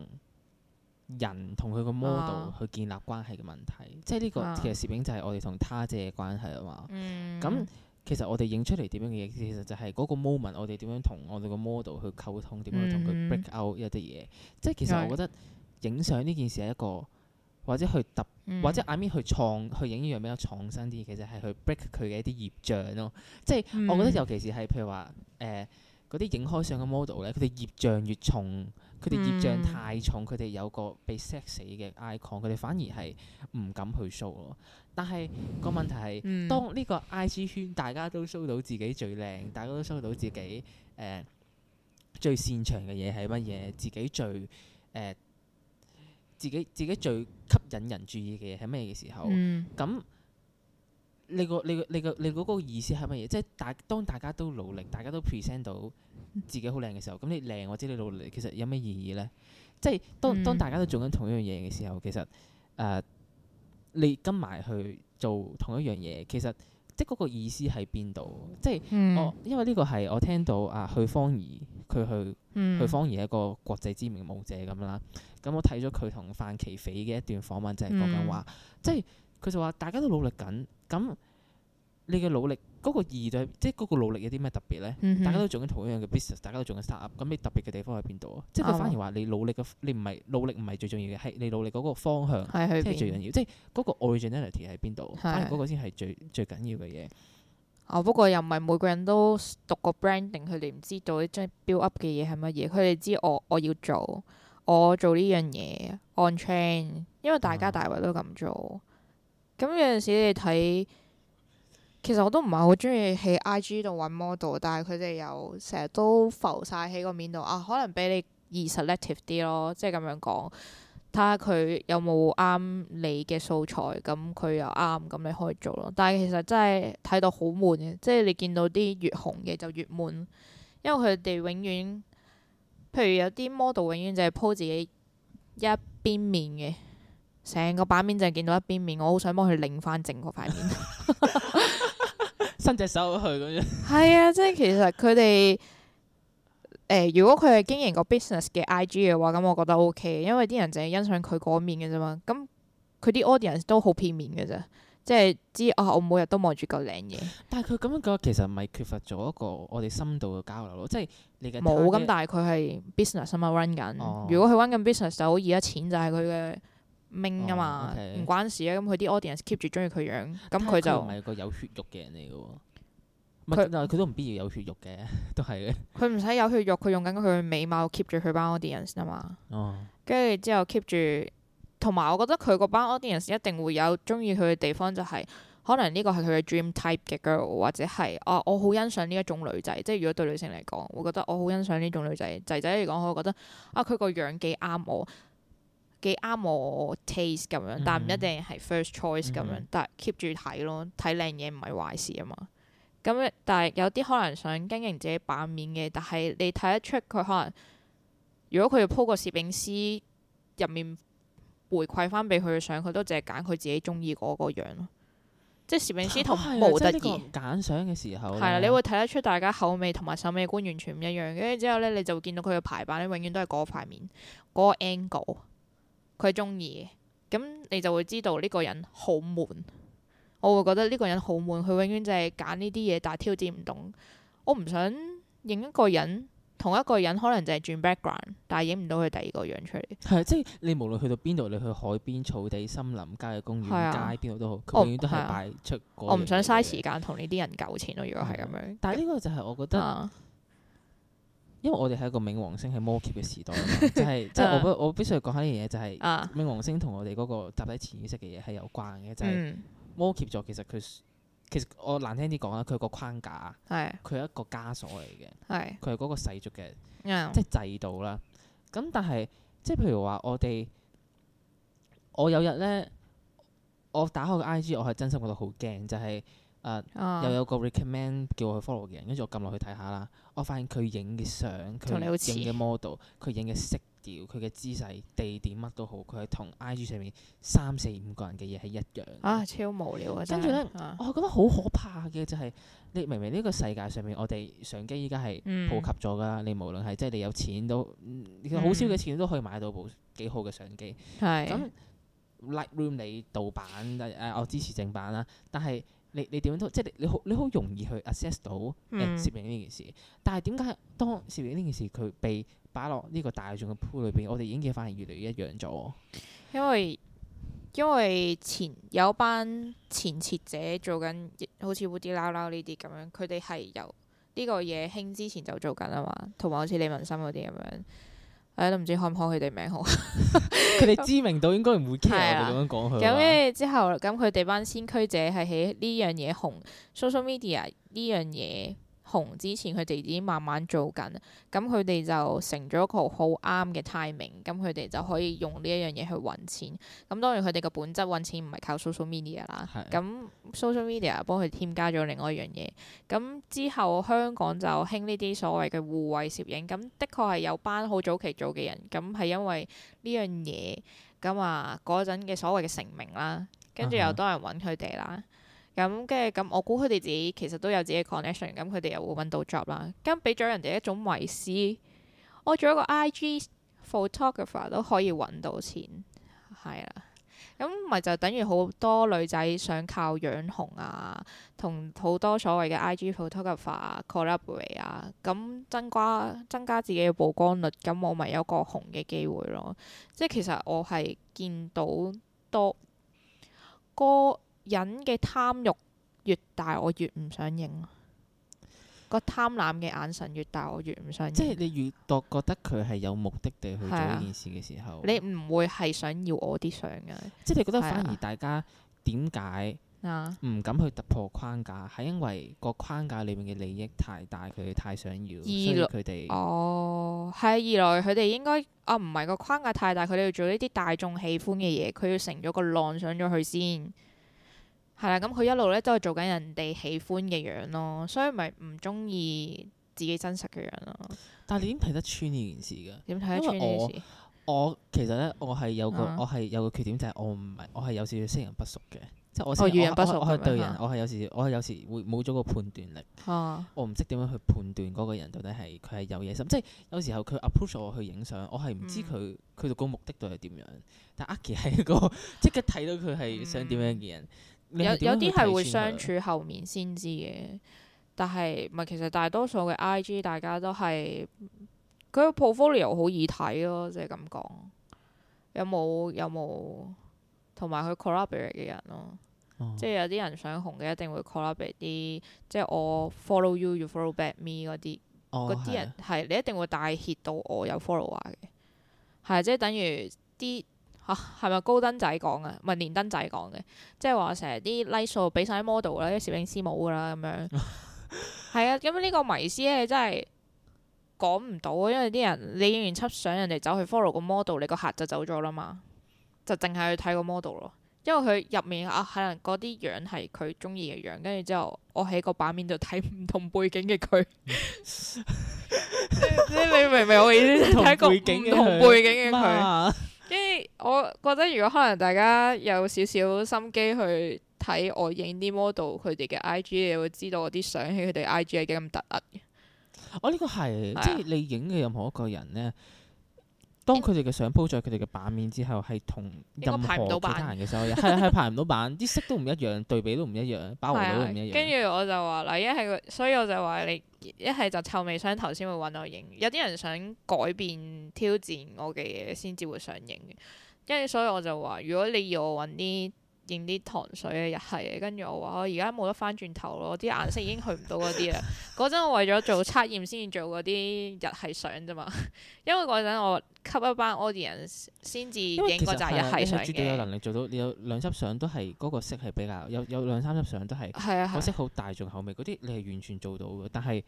人同佢個 model 去建立關係嘅問題。啊、即係呢個其實攝影就係我哋同他者嘅關係啊嘛。咁、嗯、其實我哋影出嚟點樣嘅嘢，其實就係嗰個 moment 我哋點樣同我哋個 model 去溝通，點樣同佢 break out 一啲嘢。嗯嗯，即係其實我覺得影相呢件事係一個。或者去突，嗯、或者 I mean, 去創，去影呢樣比較創新啲嘢，其實係去 break 佢嘅一啲業障咯。即係、嗯、我覺得尤其是係譬如話，誒嗰啲影開相嘅 model 咧，佢哋業障越重，佢哋業障太重，佢哋有個被 set 死嘅 icon，佢哋反而係唔敢去 show 咯。但係個問題係，嗯嗯、當呢個 I G 圈大家都 show 到自己最靚，大家都 show 到自己誒、呃、最擅長嘅嘢係乜嘢，自己最誒。呃自己自己最吸引人注意嘅嘢係咩嘅時候？咁、嗯、你個你個你個你嗰個意思係乜嘢？即係大當大家都努力，大家都 present 到自己好靚嘅時候，咁、嗯、你靚或者你努力，其實有咩意義呢？即係當當大家都做緊同一樣嘢嘅時候，嗯、其實誒、呃、你跟埋去做同一樣嘢，其實。即係嗰個意思係邊度？即係我、嗯哦、因為呢個係我聽到啊，許芳宜佢去許芳宜一個國際知名舞者咁啦。咁我睇咗佢同范琪斐嘅一段訪問，就係講緊話，嗯、即係佢就話大家都努力緊咁。你嘅努力嗰、嗰個意義就係，即係嗰個努力有啲咩特別咧？嗯、哼大家都做緊同一樣嘅 business，大家都做緊 start up，咁你特別嘅地方喺邊度啊？即係佢反而話你努力嘅，嗯、你唔係努力唔係最重要嘅，係你努力嗰個方向，即係最緊要，即係嗰個 originality 喺邊度？反而嗰個先係最是最緊要嘅嘢。我、哦、不過又唔係每個人都讀過 branding，佢哋唔知道啲 build up 嘅嘢係乜嘢，佢哋知我我要做，我做呢樣嘢 on trend 因為大家大衞都咁做，咁、嗯、有陣時你睇。其實我都唔係好中意喺 IG 度揾 model，但係佢哋又成日都浮晒喺個面度啊！可能俾你 selective 啲咯，即係咁樣講，睇下佢有冇啱你嘅素材，咁佢又啱，咁你可以做咯。但係其實真係睇到好悶嘅，即係你見到啲越紅嘅就越悶，因為佢哋永遠，譬如有啲 model 永遠淨係 po 自己一邊面嘅，成個版面淨係見到一邊面，我好想幫佢擰翻整個塊面。 伸隻手去咁樣，係 啊，即係其實佢哋誒，如果佢係經營個 business 嘅 IG 嘅話，咁我覺得 OK，因為啲人淨係欣賞佢嗰面嘅啫嘛。咁佢啲 audience 都好片面嘅啫，即係知啊、哦，我每日都望住個靚嘢。但係佢咁樣講，其實唔係缺乏咗一個我哋深度嘅交流咯，即係冇咁。但係佢係 business 啊嘛，run 緊。哦、如果佢 run 緊 business，就好易得錢就係佢嘅。明啊嘛，唔、哦 okay、關事啊，咁佢啲 audience keep 住中意佢樣，咁佢就唔係他個有血肉嘅人嚟嘅喎。佢他都唔必要有血肉嘅， 都係嘅。佢唔使有血肉，佢用緊佢嘅美貌 keep 住佢班 audience 啊嘛。跟住之後 keep 住，同埋我覺得佢個班 audience 一定會有中意佢嘅地方、就係，就係可能呢個係佢嘅 dream type 嘅 girl，或者係啊我好欣賞呢一種女仔，即係如果對女性嚟講，我覺得我好欣賞呢種女仔。仔仔嚟講，我覺得啊佢個樣幾啱我。幾啱我 taste 咁樣、嗯，但唔一定係 first choice 咁樣，但 keep 住睇咯。睇靚嘢唔係壞事啊嘛。咁但係有啲可能想經營自己版面嘅，但係你睇得出佢可能，如果佢要鋪個攝影師入面回饋翻俾佢嘅相，佢都淨係揀佢自己中意嗰個樣咯。即係攝影師同模特兒揀相嘅時候，係啊，你會睇得出大家口味同埋審美觀完全唔一樣嘅。跟住之後咧，你就會見到佢嘅排版咧，永遠都係嗰塊面嗰個 angle。佢係中意嘅，咁你就會知道呢個人好悶，我會覺得呢個人好悶，佢永遠就係揀呢啲嘢，但係挑戰唔到。我唔想影一個人，同一個人可能就係轉 background，但係影唔到佢第二個樣出嚟。係即係你無論去到邊度，你去海邊、草地、森林、街嘅公園、啊、街邊度都好，佢永遠都係擺出嗰樣，我唔想嘥時間同呢啲人糾纏咯，哦啊、如果係咁樣。但係呢個就係我覺得、嗯。因為我哋係一個冥王星喺摩羯嘅時代， 就係即係我， 我必須要講下呢樣嘢，就係冥王星同我哋嗰個集體潛意識嘅嘢係有關嘅，就係摩羯座其實佢其實我難聽啲講啦，佢個框架，佢是一個枷鎖嚟嘅，佢係嗰個世俗嘅、嗯、即係制度啦。咁但係即係譬如話我哋，我有日呢，我打開個 IG，我係真心覺得好驚，就係、是。又、uh, 有個 recommend 叫我去 follow 嘅人，跟住我撳落去睇下啦。我發現佢影嘅相，佢影嘅 model，佢影嘅色調，佢嘅姿勢、地點乜都好，佢係同 IG 上面三四五個人嘅嘢係一樣。啊，超無聊啊！跟住呢，的 uh, 我係覺得好可怕嘅，就係、是、你明明呢個世界上面，我哋相機依家係普及咗㗎啦。嗯、你無論係即係你有錢都，好、嗯、少嘅錢都可以買到部幾好嘅相機。咁，Lightroom 你盜版、呃、我支持正版啦，但係。你你點樣都即係你你好你好容易去 access 到誒攝影呢件事，但係點解當攝影呢件事佢被擺落呢個大眾嘅鋪裏邊，我哋影嘅反而越嚟越一樣咗？因為因為前有班前攝者做緊，好似蝴蝶撈撈呢啲咁樣，佢哋係由呢個嘢興之前就做緊啊嘛，同埋好似李文森嗰啲咁樣。誒、哎，都唔知開唔開佢哋名好，佢哋 知名度應該唔會 care 咁樣講佢。咁誒之後，咁佢哋班先驅者係喺呢樣嘢紅，social media 呢樣嘢，紅之前，佢哋已經慢慢做緊，咁佢哋就成咗個好啱嘅 timing，咁佢哋就可以用呢一樣嘢去揾錢。咁當然佢哋嘅本質揾錢唔係靠 social media 啦，咁 social media 幫佢添加咗另外一樣嘢。咁之後香港就興呢啲所謂嘅互惠攝影，咁的確係有班好早期做嘅人，咁係因為呢樣嘢，咁啊嗰陣嘅所謂嘅成名啦，跟住又多人揾佢哋啦。咁嘅咁，嗯嗯嗯、我估佢哋自己其實都有自己 connection，咁佢哋又會揾到 job 啦。咁俾咗人哋一種迷思，我做一個 IG photographer 都可以揾到錢，係、嗯、啦。咁、嗯、咪、嗯、就等於好多女仔想靠樣紅啊，同好多所謂嘅 IG photographer collaborate 啊，咁、啊、增加增加自己嘅曝光率，咁、啊、我咪有個紅嘅機會咯。即係其實我係見到多哥。人嘅貪欲越大，我越唔想影。個貪婪嘅眼神越大，我越唔想影。即係你越覺得佢係有目的地去做呢件事嘅時候，啊、你唔會係想要我啲相嘅。即係你覺得反而大家點解唔敢去突破框架，係、啊、因為個框架裏面嘅利益太大，佢哋太想要，佢哋六哦係二來佢哋應該啊，唔係個框架太大，佢哋要做呢啲大眾喜歡嘅嘢，佢要成咗個浪上咗去先。係啦，咁佢一路咧都係做緊人哋喜歡嘅樣咯，所以咪唔中意自己真實嘅樣咯。但係你點睇得穿呢件事噶？點睇得穿呢件事我，我其實咧，我係有個、啊、我係有個缺點，就係、是、我唔係我係有少少識人不熟嘅，即係我識人、哦、不熟我我我，我對人我係有時我係有時會冇咗個判斷力、啊、我唔識點樣去判斷嗰個人到底係佢係有嘢心，啊、即係有時候佢 approach 我去影相，我係唔知佢佢個目的到底係點樣。但係 Aki 係一個即刻睇到佢係想點樣嘅人。嗯有有啲係會相處，後面先知嘅。但係咪其實大多數嘅 I G 大家都係佢個 portfolio 好易睇咯，即係咁講。有冇有冇同埋佢 collaborate 嘅人咯？嗯、即係有啲人想紅嘅一定會 collaborate 啲，即係我 follow you，you follow back me 嗰啲。嗰啲、哦、人係的你一定會帶 heat 到我有 follower 嘅，係即係等於啲。啊，係咪高登仔講啊？唔係連登仔講嘅，即係話成日啲 like 數俾晒啲 model 啦，啲攝影師冇噶啦咁樣。係啊，咁呢個迷思咧真係講唔到啊，因為啲人你影完輯相，人哋走去 follow 個 model，你個客就走咗啦嘛，就淨係去睇個 model 咯。因為佢入面啊，可能嗰啲樣係佢中意嘅樣，跟住之後我喺個版面度睇唔同背景嘅佢。你明唔明我意思？睇個唔同背景嘅佢。跟住，我覺得如果可能，大家有少少心機去睇我影啲 model 佢哋嘅 IG，你會知道我啲相喺佢哋 IG 係幾咁突出嘅。我呢、哦這個係，啊、即係你影嘅任何一個人咧。當佢哋嘅相鋪咗喺佢哋嘅版面之後，係同任何其他人嘅相係係排唔到版， 啲色都唔一樣，對比都唔一樣，包圍都唔一樣。跟住我就話啦，一係所以我就話你一係就臭味相投先會揾我影，有啲人想改變挑戰我嘅嘢先至會想影。跟住所以我就話，如果你要我揾啲。影啲糖水嘅日系嘅，跟住我話我而家冇得返轉頭咯，啲顏色已經去唔到嗰啲啦。嗰陣我為咗做測驗先至做嗰啲日系相啫嘛，因為嗰陣我吸一班 Audience 先至影嗰集日系相嘅。因有能力做到，你有兩執相都係嗰個色係比較有，有兩三執相都係可惜好大眾口味嗰啲，你係完全做到嘅。但係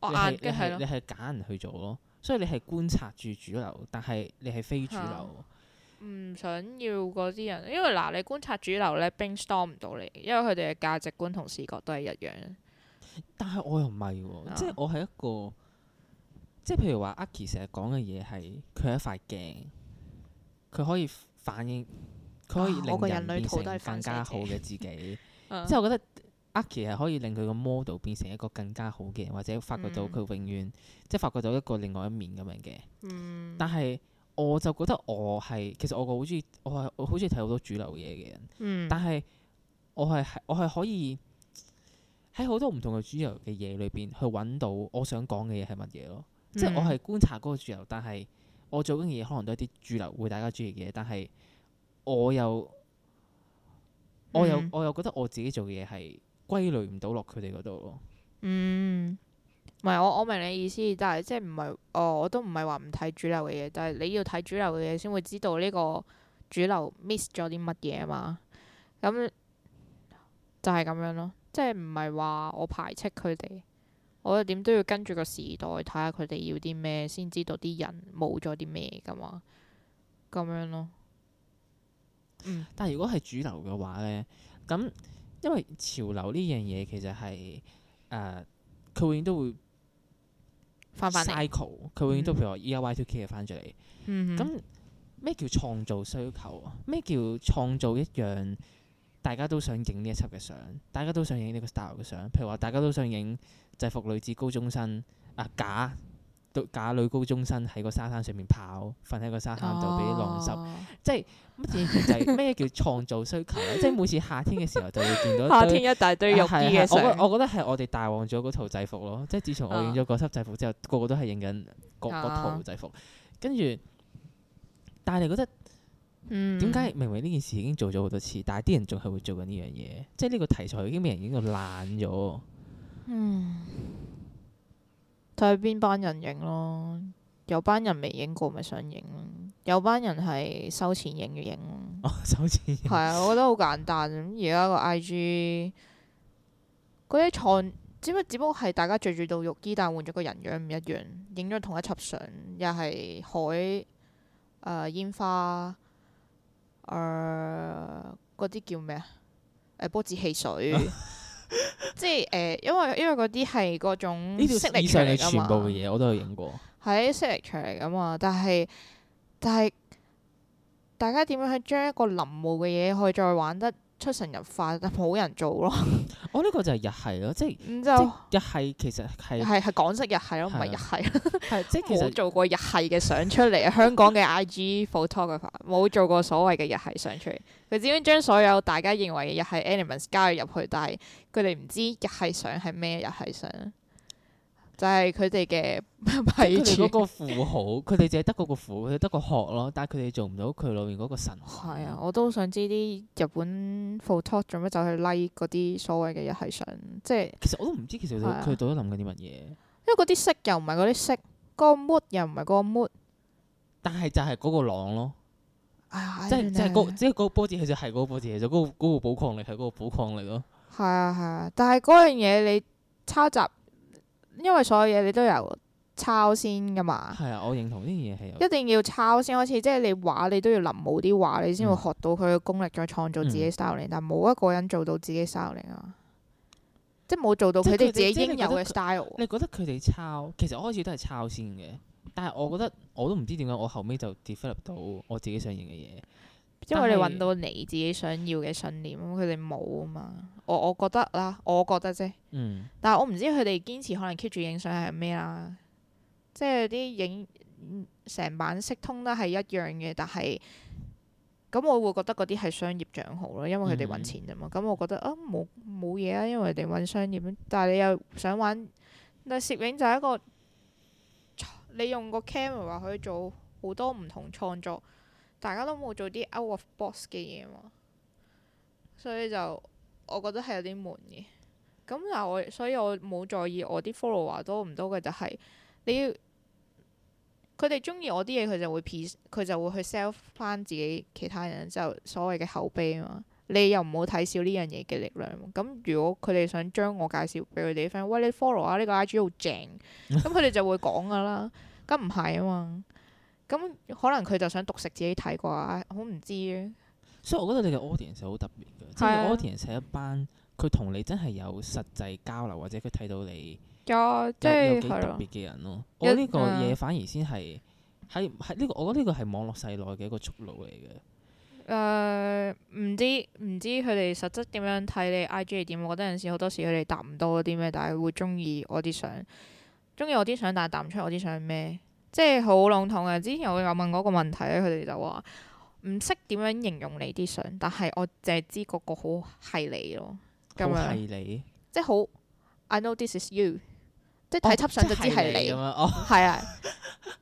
你係揀人去做咯，所以你係觀察住主流，但係你係非主流。唔想要嗰啲人，因為嗱你觀察主流咧，brainstorm 唔到你，因為佢哋嘅價值觀同視覺都係一樣。但係我又唔係喎，啊、即係我係一個，即係譬如 A 話，Aki 成日講嘅嘢係佢係一塊鏡，佢可以反映，佢可以令人變成更加好嘅自己。啊、 即係我覺得，Aki 係可以令佢個 model 變成一個更加好嘅，或者發覺到佢永遠、嗯、即係發覺到一個另外一面咁樣嘅。嗯、但係。我就覺得我係其實我個好中意我係我好中意睇好多主流嘢嘅人，嗯、但係我係我係可以喺好多唔同嘅主流嘅嘢裏邊去搵到我想講嘅嘢係乜嘢咯，嗯、即係我係觀察嗰個主流，但係我做緊嘅嘢可能都係啲主流會大家鍾意嘅嘢，但係我又我又、嗯、我又覺得我自己做嘅嘢係歸類唔到落佢哋嗰度咯。嗯。唔係我我明你意思，但係即係唔係哦？我都唔係話唔睇主流嘅嘢，但係你要睇主流嘅嘢先會知道呢個主流 miss 咗啲乜嘢嘛？咁、嗯、就係、是、咁樣咯，即係唔係話我排斥佢哋？我又點都要跟住個時代，睇下佢哋要啲咩，先知道啲人冇咗啲咩噶嘛？咁樣咯。嗯、但係如果係主流嘅話咧，咁因為潮流呢樣嘢其實係誒，佢、呃、永遠都會，翻翻嚟，佢永遠都譬如話 Y2K 嚟翻咗嚟。咁咩、嗯、哼叫創造需求啊？咩叫創造一樣大家都想影呢一輯嘅相，大家都想影呢個 style 嘅相，譬如話大家都想影製服女子高中生啊假。假女高中生喺個沙灘上面跑，瞓喺個沙灘度俾浪濕，啊、即係乜嘢？叫創造需求 即係每次夏天嘅時候就會見到 夏天一大堆、啊、我我覺得係我哋大旺咗嗰套制服咯，即係自從我影咗嗰輯制服之後，啊、個個都係影緊嗰嗰套制服，跟住，但係你覺得，嗯，點解明明呢件事已經做咗好多次，但係啲人仲係會做緊呢樣嘢？即係呢個題材已經俾人影到爛咗。嗯睇下邊班人影咯，有班人未影過咪想影咯，有班人係收錢影嘅影咯。哦，收錢。係啊，我覺得好簡單。咁而家個 IG 嗰啲創只不只不過係大家著住到浴衣，但係換咗個人樣唔一樣，影咗同一輯相，又係海誒、呃、煙花誒嗰啲叫咩啊？誒波子汽水。 即係誒、呃，因為因為嗰啲係嗰種，以上嘅全部嘅嘢， 我都有影過，係 select 嚟噶嘛，但係但係，大家點樣去將一個臨摹嘅嘢去再玩得？出神入化，但冇人做咯。我呢、哦呢個就係日系咯，即係。咁就日系其實係係係港式日系咯，唔係日系。係的 即係冇做過日系嘅相出嚟， 香港嘅 I G photographer 冇 做過所謂嘅日系相出嚟。佢只可以將所有大家認為嘅日系 elements 加入入去，但係佢哋唔知日系相係咩日系相。就係佢哋嘅，佢哋嗰個富豪，佢哋淨係得嗰個富，佢哋得個殼咯。但係佢哋做唔到佢裏面嗰個神。係啊，我都想知啲日本 photog 做咩走去 like 嗰啲所謂嘅嘢。日系相，即係其實我都唔知其實佢到底諗緊啲乜嘢。因為嗰啲色又唔係嗰啲色，嗰、嗰個 mood 又唔係嗰個 mood。但係就係嗰個浪咯，哎、呀即係即係嗰即係嗰個波子，其實係嗰個波子，就嗰、係、個嗰個寶礦、嗰個就係、力係嗰個寶礦力咯。係啊係啊，但係嗰樣嘢你抄襲。因為所有嘢你都由抄先噶嘛。係啊，我認同呢件嘢係一定要抄先開始，即係你畫你都要臨摹啲畫，你先會學到佢嘅功力，嗯、再創造自己 style 嚟。但冇一個人做到自己 style 嚟啊。嗯、即係冇做到佢哋自己應有嘅 style。你覺得佢哋抄？其實我開始都係抄先嘅，但係我覺得我都唔知點解，我後尾就 develop 到我自己想影嘅嘢。因為你揾到你自己想要嘅信念，咁佢哋冇啊嘛。我我覺得啦，我覺得啫。嗯、但係我唔知佢哋堅持可能 keep 住影相係咩啦。即係啲影成版色調都係一樣嘅，但係咁我會覺得嗰啲係商業帳號咯，因為佢哋揾錢啫嘛。咁、嗯、我覺得啊冇冇嘢啊，因為佢哋揾商業。但係你又想玩，但攝影就係一個你用個 camera 可以做好多唔同創作。大家都冇做啲 out of box 嘅嘢嘛，所以就我覺得係有啲悶嘅。咁但我，所以我冇在意我啲 follower 多唔多嘅，就是，就係你要佢哋中意我啲嘢，佢就會撇，佢就會去 sell 翻自己其他人就是，所謂嘅口碑啊嘛。你又唔好睇少呢樣嘢嘅力量嘛。咁如果佢哋想將我介紹俾佢哋 friend，喂你 follow 啊呢，呢個 IG 好正，咁佢哋就會講噶啦，咁唔係啊嘛。咁可能佢就想獨食自己睇啩，好唔知，所以我覺得你嘅 Audience 好特別嘅，是啊、即係 Audience 一班佢同你真係有實際交流，或者佢睇到你有、啊、即有，有幾特別嘅人咯。是啊、我呢個嘢反而先係喺喺呢個，我覺得呢個係網絡時代嘅一個出路嚟嘅。誒、嗯，唔知唔知佢哋實質點樣睇你 I G 係點？我覺得有時好多時佢哋答唔到啲咩，但係會中意我啲相，中意我啲相，但係答唔出我啲相咩？即係好籠統嘅。之前我有問過個問題咧，佢哋就話唔識點樣形容你啲相，但係我淨係知個個好係你咯。咁樣係你即係好，I know this is you、哦。即係睇輯相就知係你，哦你。哦，係啊。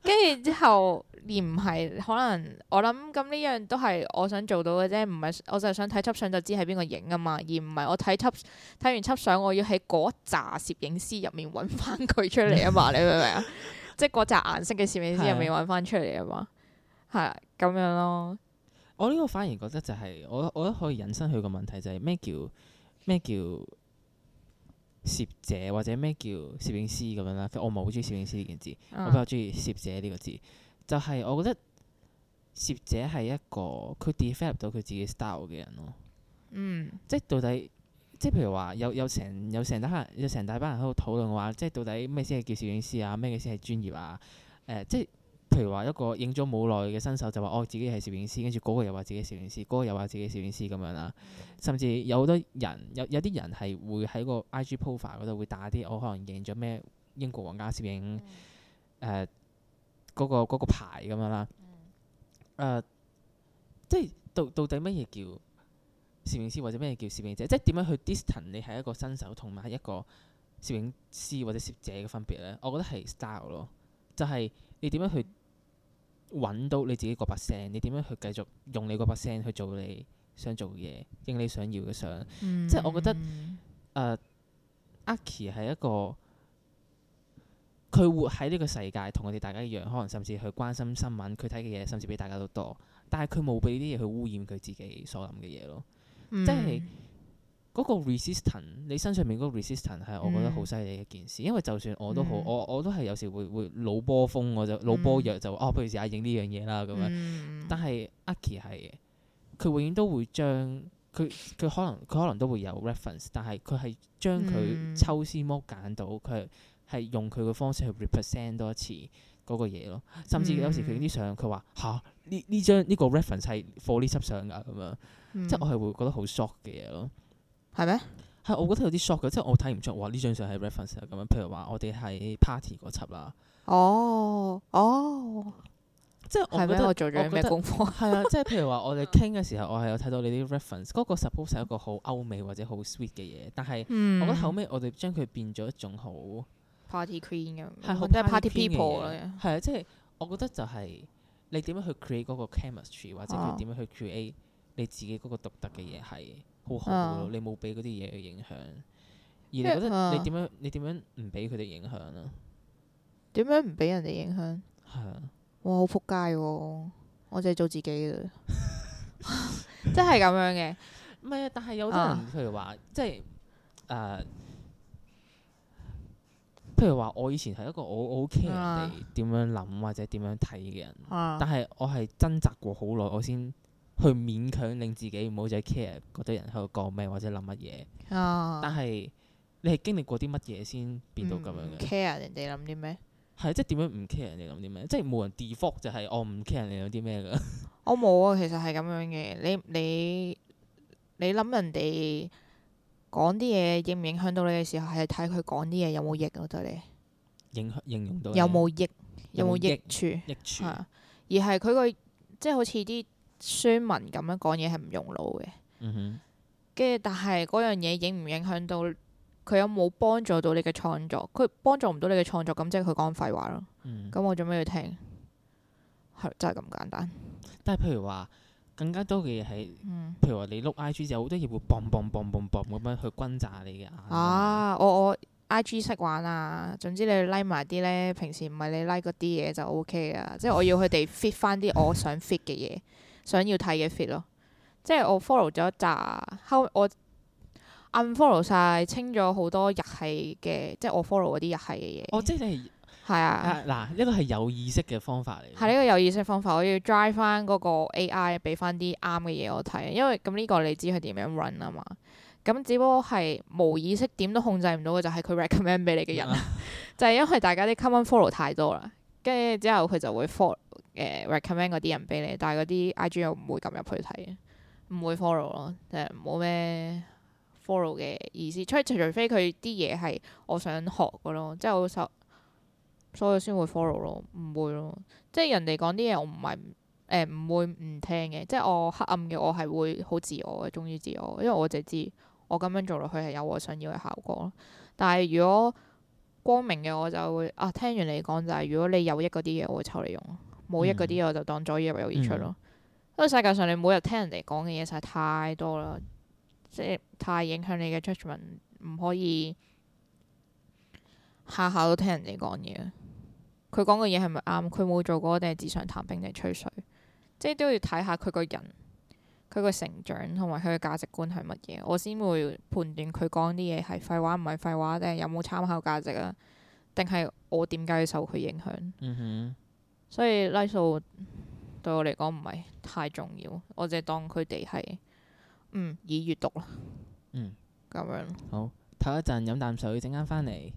跟住之後，而唔係可能我諗咁呢樣都係我想做到嘅啫。唔係，我就係想睇輯相就知係邊個影啊嘛。而唔係我睇睇完輯相，我要喺嗰紮攝影師入面揾翻佢出嚟啊嘛。 你明唔明啊？即係嗰隻顏色嘅攝影師又未揾翻出嚟啊嘛，係啊咁樣咯。我呢個反而覺得就係、是、我我覺得可以引申佢個問題就係咩叫咩叫攝者或者咩叫攝影師咁樣啦。我唔係好中意攝影師呢件事，嗯、我比較中意攝者呢個字。就係、是、我覺得攝者係一個佢 develop 到佢自己 style 嘅人咯。嗯，即係到底。即係譬如話，有有成有成大有成大班人喺度討論話，即係到底咩先係叫攝影師啊？咩嘢先係專業啊？誒、呃，即係譬如話一個影咗冇耐嘅新手就話：哦，自己係攝影師。跟住嗰個又話自己攝影師，嗰、嗰個又話自己攝影師咁樣啦。嗯、甚至有好多人有有啲人係會喺個 IG profile 嗰度會打啲我可能贏咗咩英國皇家攝影誒嗰、嗯呃嗰個嗰個牌咁樣啦。誒、嗯呃，即係到到底乜嘢叫？攝影師或者咩叫攝影者，即係點樣去 distance 你係一個新手同埋一個攝影師或者攝者嘅分別呢？我覺得係 style 咯，就係、是、你點樣去揾到你自己嗰把聲，你點樣去繼續用你嗰把聲去做你想做嘅嘢，影你想要嘅相。嗯、即係我覺得，誒、呃，Aki 係一個佢活喺呢個世界，同我哋大家一樣，可能甚至去關心新聞，佢睇嘅嘢甚至比大家都多，但係佢冇俾啲嘢去污染佢自己所諗嘅嘢咯。即係嗰、嗰個 resistance，你身上面嗰個 resistance 係，我覺得好犀利嘅一件事。嗯、因為就算我都好，嗯、我我都係有時會會腦波風我就腦波弱就、嗯、哦，不如試下影呢樣嘢啦咁樣。嗯、但係 Aki 係，佢永遠都會將佢佢可能佢可能都會有 reference，但係佢係將佢抽絲剝繭到佢係、嗯、用佢嘅方式去 represent 多一次。嗰個嘢咯，甚至有時佢啲相，佢話嚇呢呢張呢、呢個 reference 係 for 呢輯相噶咁樣，嗯、即係我係會覺得好 shock 嘅嘢咯，係咩嗎？係我覺得有啲 shock 嘅，即係我睇唔出哇呢張相係 reference 咁樣。譬如話我哋喺 party 嗰輯啦、哦，哦哦，即係我覺得我做咗咩功課？係啊， 即係譬如話我哋傾嘅時候，我係有睇到你啲 reference。嗰個 suppose 係一個好歐美或者好 sweet 嘅嘢，但係我覺得後尾我哋將佢變咗一種好。Party Queen 咁，係好多即係 Party people 咯。係啊，即係我覺得就係你點樣去 create 嗰個 chemistry，或者佢點樣去 create 你自己嗰個獨特嘅嘢，係好好咯。你冇俾嗰啲嘢去影響。而你覺得你點樣？你點樣唔俾佢哋影響啊？點樣唔俾人哋影響？係啊！哇，好仆街喎！我就係做自己嘅，即係咁樣嘅。唔係啊，但係有啲人，譬如話，即係誒。譬如話，我以前係一個我好 care 人哋點樣諗或者點樣睇嘅人，啊、但係我係掙扎過好耐，我先去勉強令自己唔好再 care 啲人喺度講咩或者諗乜嘢。啊、但係你係經歷過啲乜嘢先變到咁樣嘅？嗯？care 人哋諗啲咩？係即係點樣唔 care 人哋諗啲咩？即係冇人 default 就係我唔 care 人哋諗啲咩㗎？我冇、哦、啊，其實係咁樣嘅。你你你諗人哋。講啲嘢影唔影響到你嘅時候，係睇佢講啲嘢有冇益，我對你影響、到有冇益，有冇益處，益處。而係佢個即係好似啲宣文咁樣講嘢係唔用腦嘅。跟住、嗯哼，但係嗰樣嘢影唔影響到佢有冇幫助到你嘅創作？佢幫助唔到你嘅創作，咁即係佢講廢話咯。嗯。咁我做咩要聽？係就係咁簡單。但係譬如話。更加多嘅嘢係，譬如話你碌 I G 就好多嘢會 bang bang bang bang bang 咁樣去轟炸你嘅眼。啊，我我 I G 識玩啊，總之你拉埋啲咧，平時唔係你拉嗰啲嘢就 O K 啊。 即係我要佢哋 fit 翻啲我想 fit 嘅嘢， 想要睇嘅 fit 咯。即係我 follow 咗一紮，後我 unfollow 晒清咗好多日系嘅，即係我 follow 嗰啲日系嘅嘢。哦，即係。係啊，嗱、啊，呢、這個係有意識嘅方法嚟。係呢、這個有意識方法，我要 drive 翻嗰個 A.I. 俾翻啲啱嘅嘢我睇，因為咁呢個你知佢點樣 run 啊嘛。咁只不過係無意識點都控制唔到嘅就係佢 recommend 俾你嘅人啦，就係、是、 因為大家啲 common follow 太多啦，跟住之後佢就會 follow 誒、呃、recommend 嗰啲人俾你，但係嗰啲 I.G. 又唔會撳入去睇，唔會 follow 咯，誒、就、冇、是、咩 follow 嘅意思，除除非佢啲嘢係我想學嘅咯，即係我受。所以先會 follow 咯，唔會咯。即係人哋講啲嘢，我唔係誒唔會唔聽嘅。即係我黑暗嘅，我係會好自我嘅，忠於自我。因為我就知我咁樣做落去係有我想要嘅效果咯。但係如果光明嘅我就會啊，聽完你講就係、是，如果你有益嗰啲嘢，我會抽你用；冇益嗰啲我就當左耳入右耳出咯。嗯嗯、因為世界上你每日聽人哋講嘅嘢實係太多啦，即係太影響你嘅 judgment，唔可以下下都聽人哋講嘢。佢講嘅嘢係咪啱？佢冇、嗯、做過定係紙上談兵定係吹水？即係都要睇下佢個人、佢個成長同埋佢嘅價值觀係乜嘢，我先會判斷佢講啲嘢係廢話唔係廢話定係有冇參考價值啊？定係我點解要受佢影響？嗯、哼所以拉數、so、對我嚟講唔係太重要，我淨係當佢哋係嗯以閲讀啦。咁、嗯、樣。好，唞一陣飲啖水，陣間翻嚟。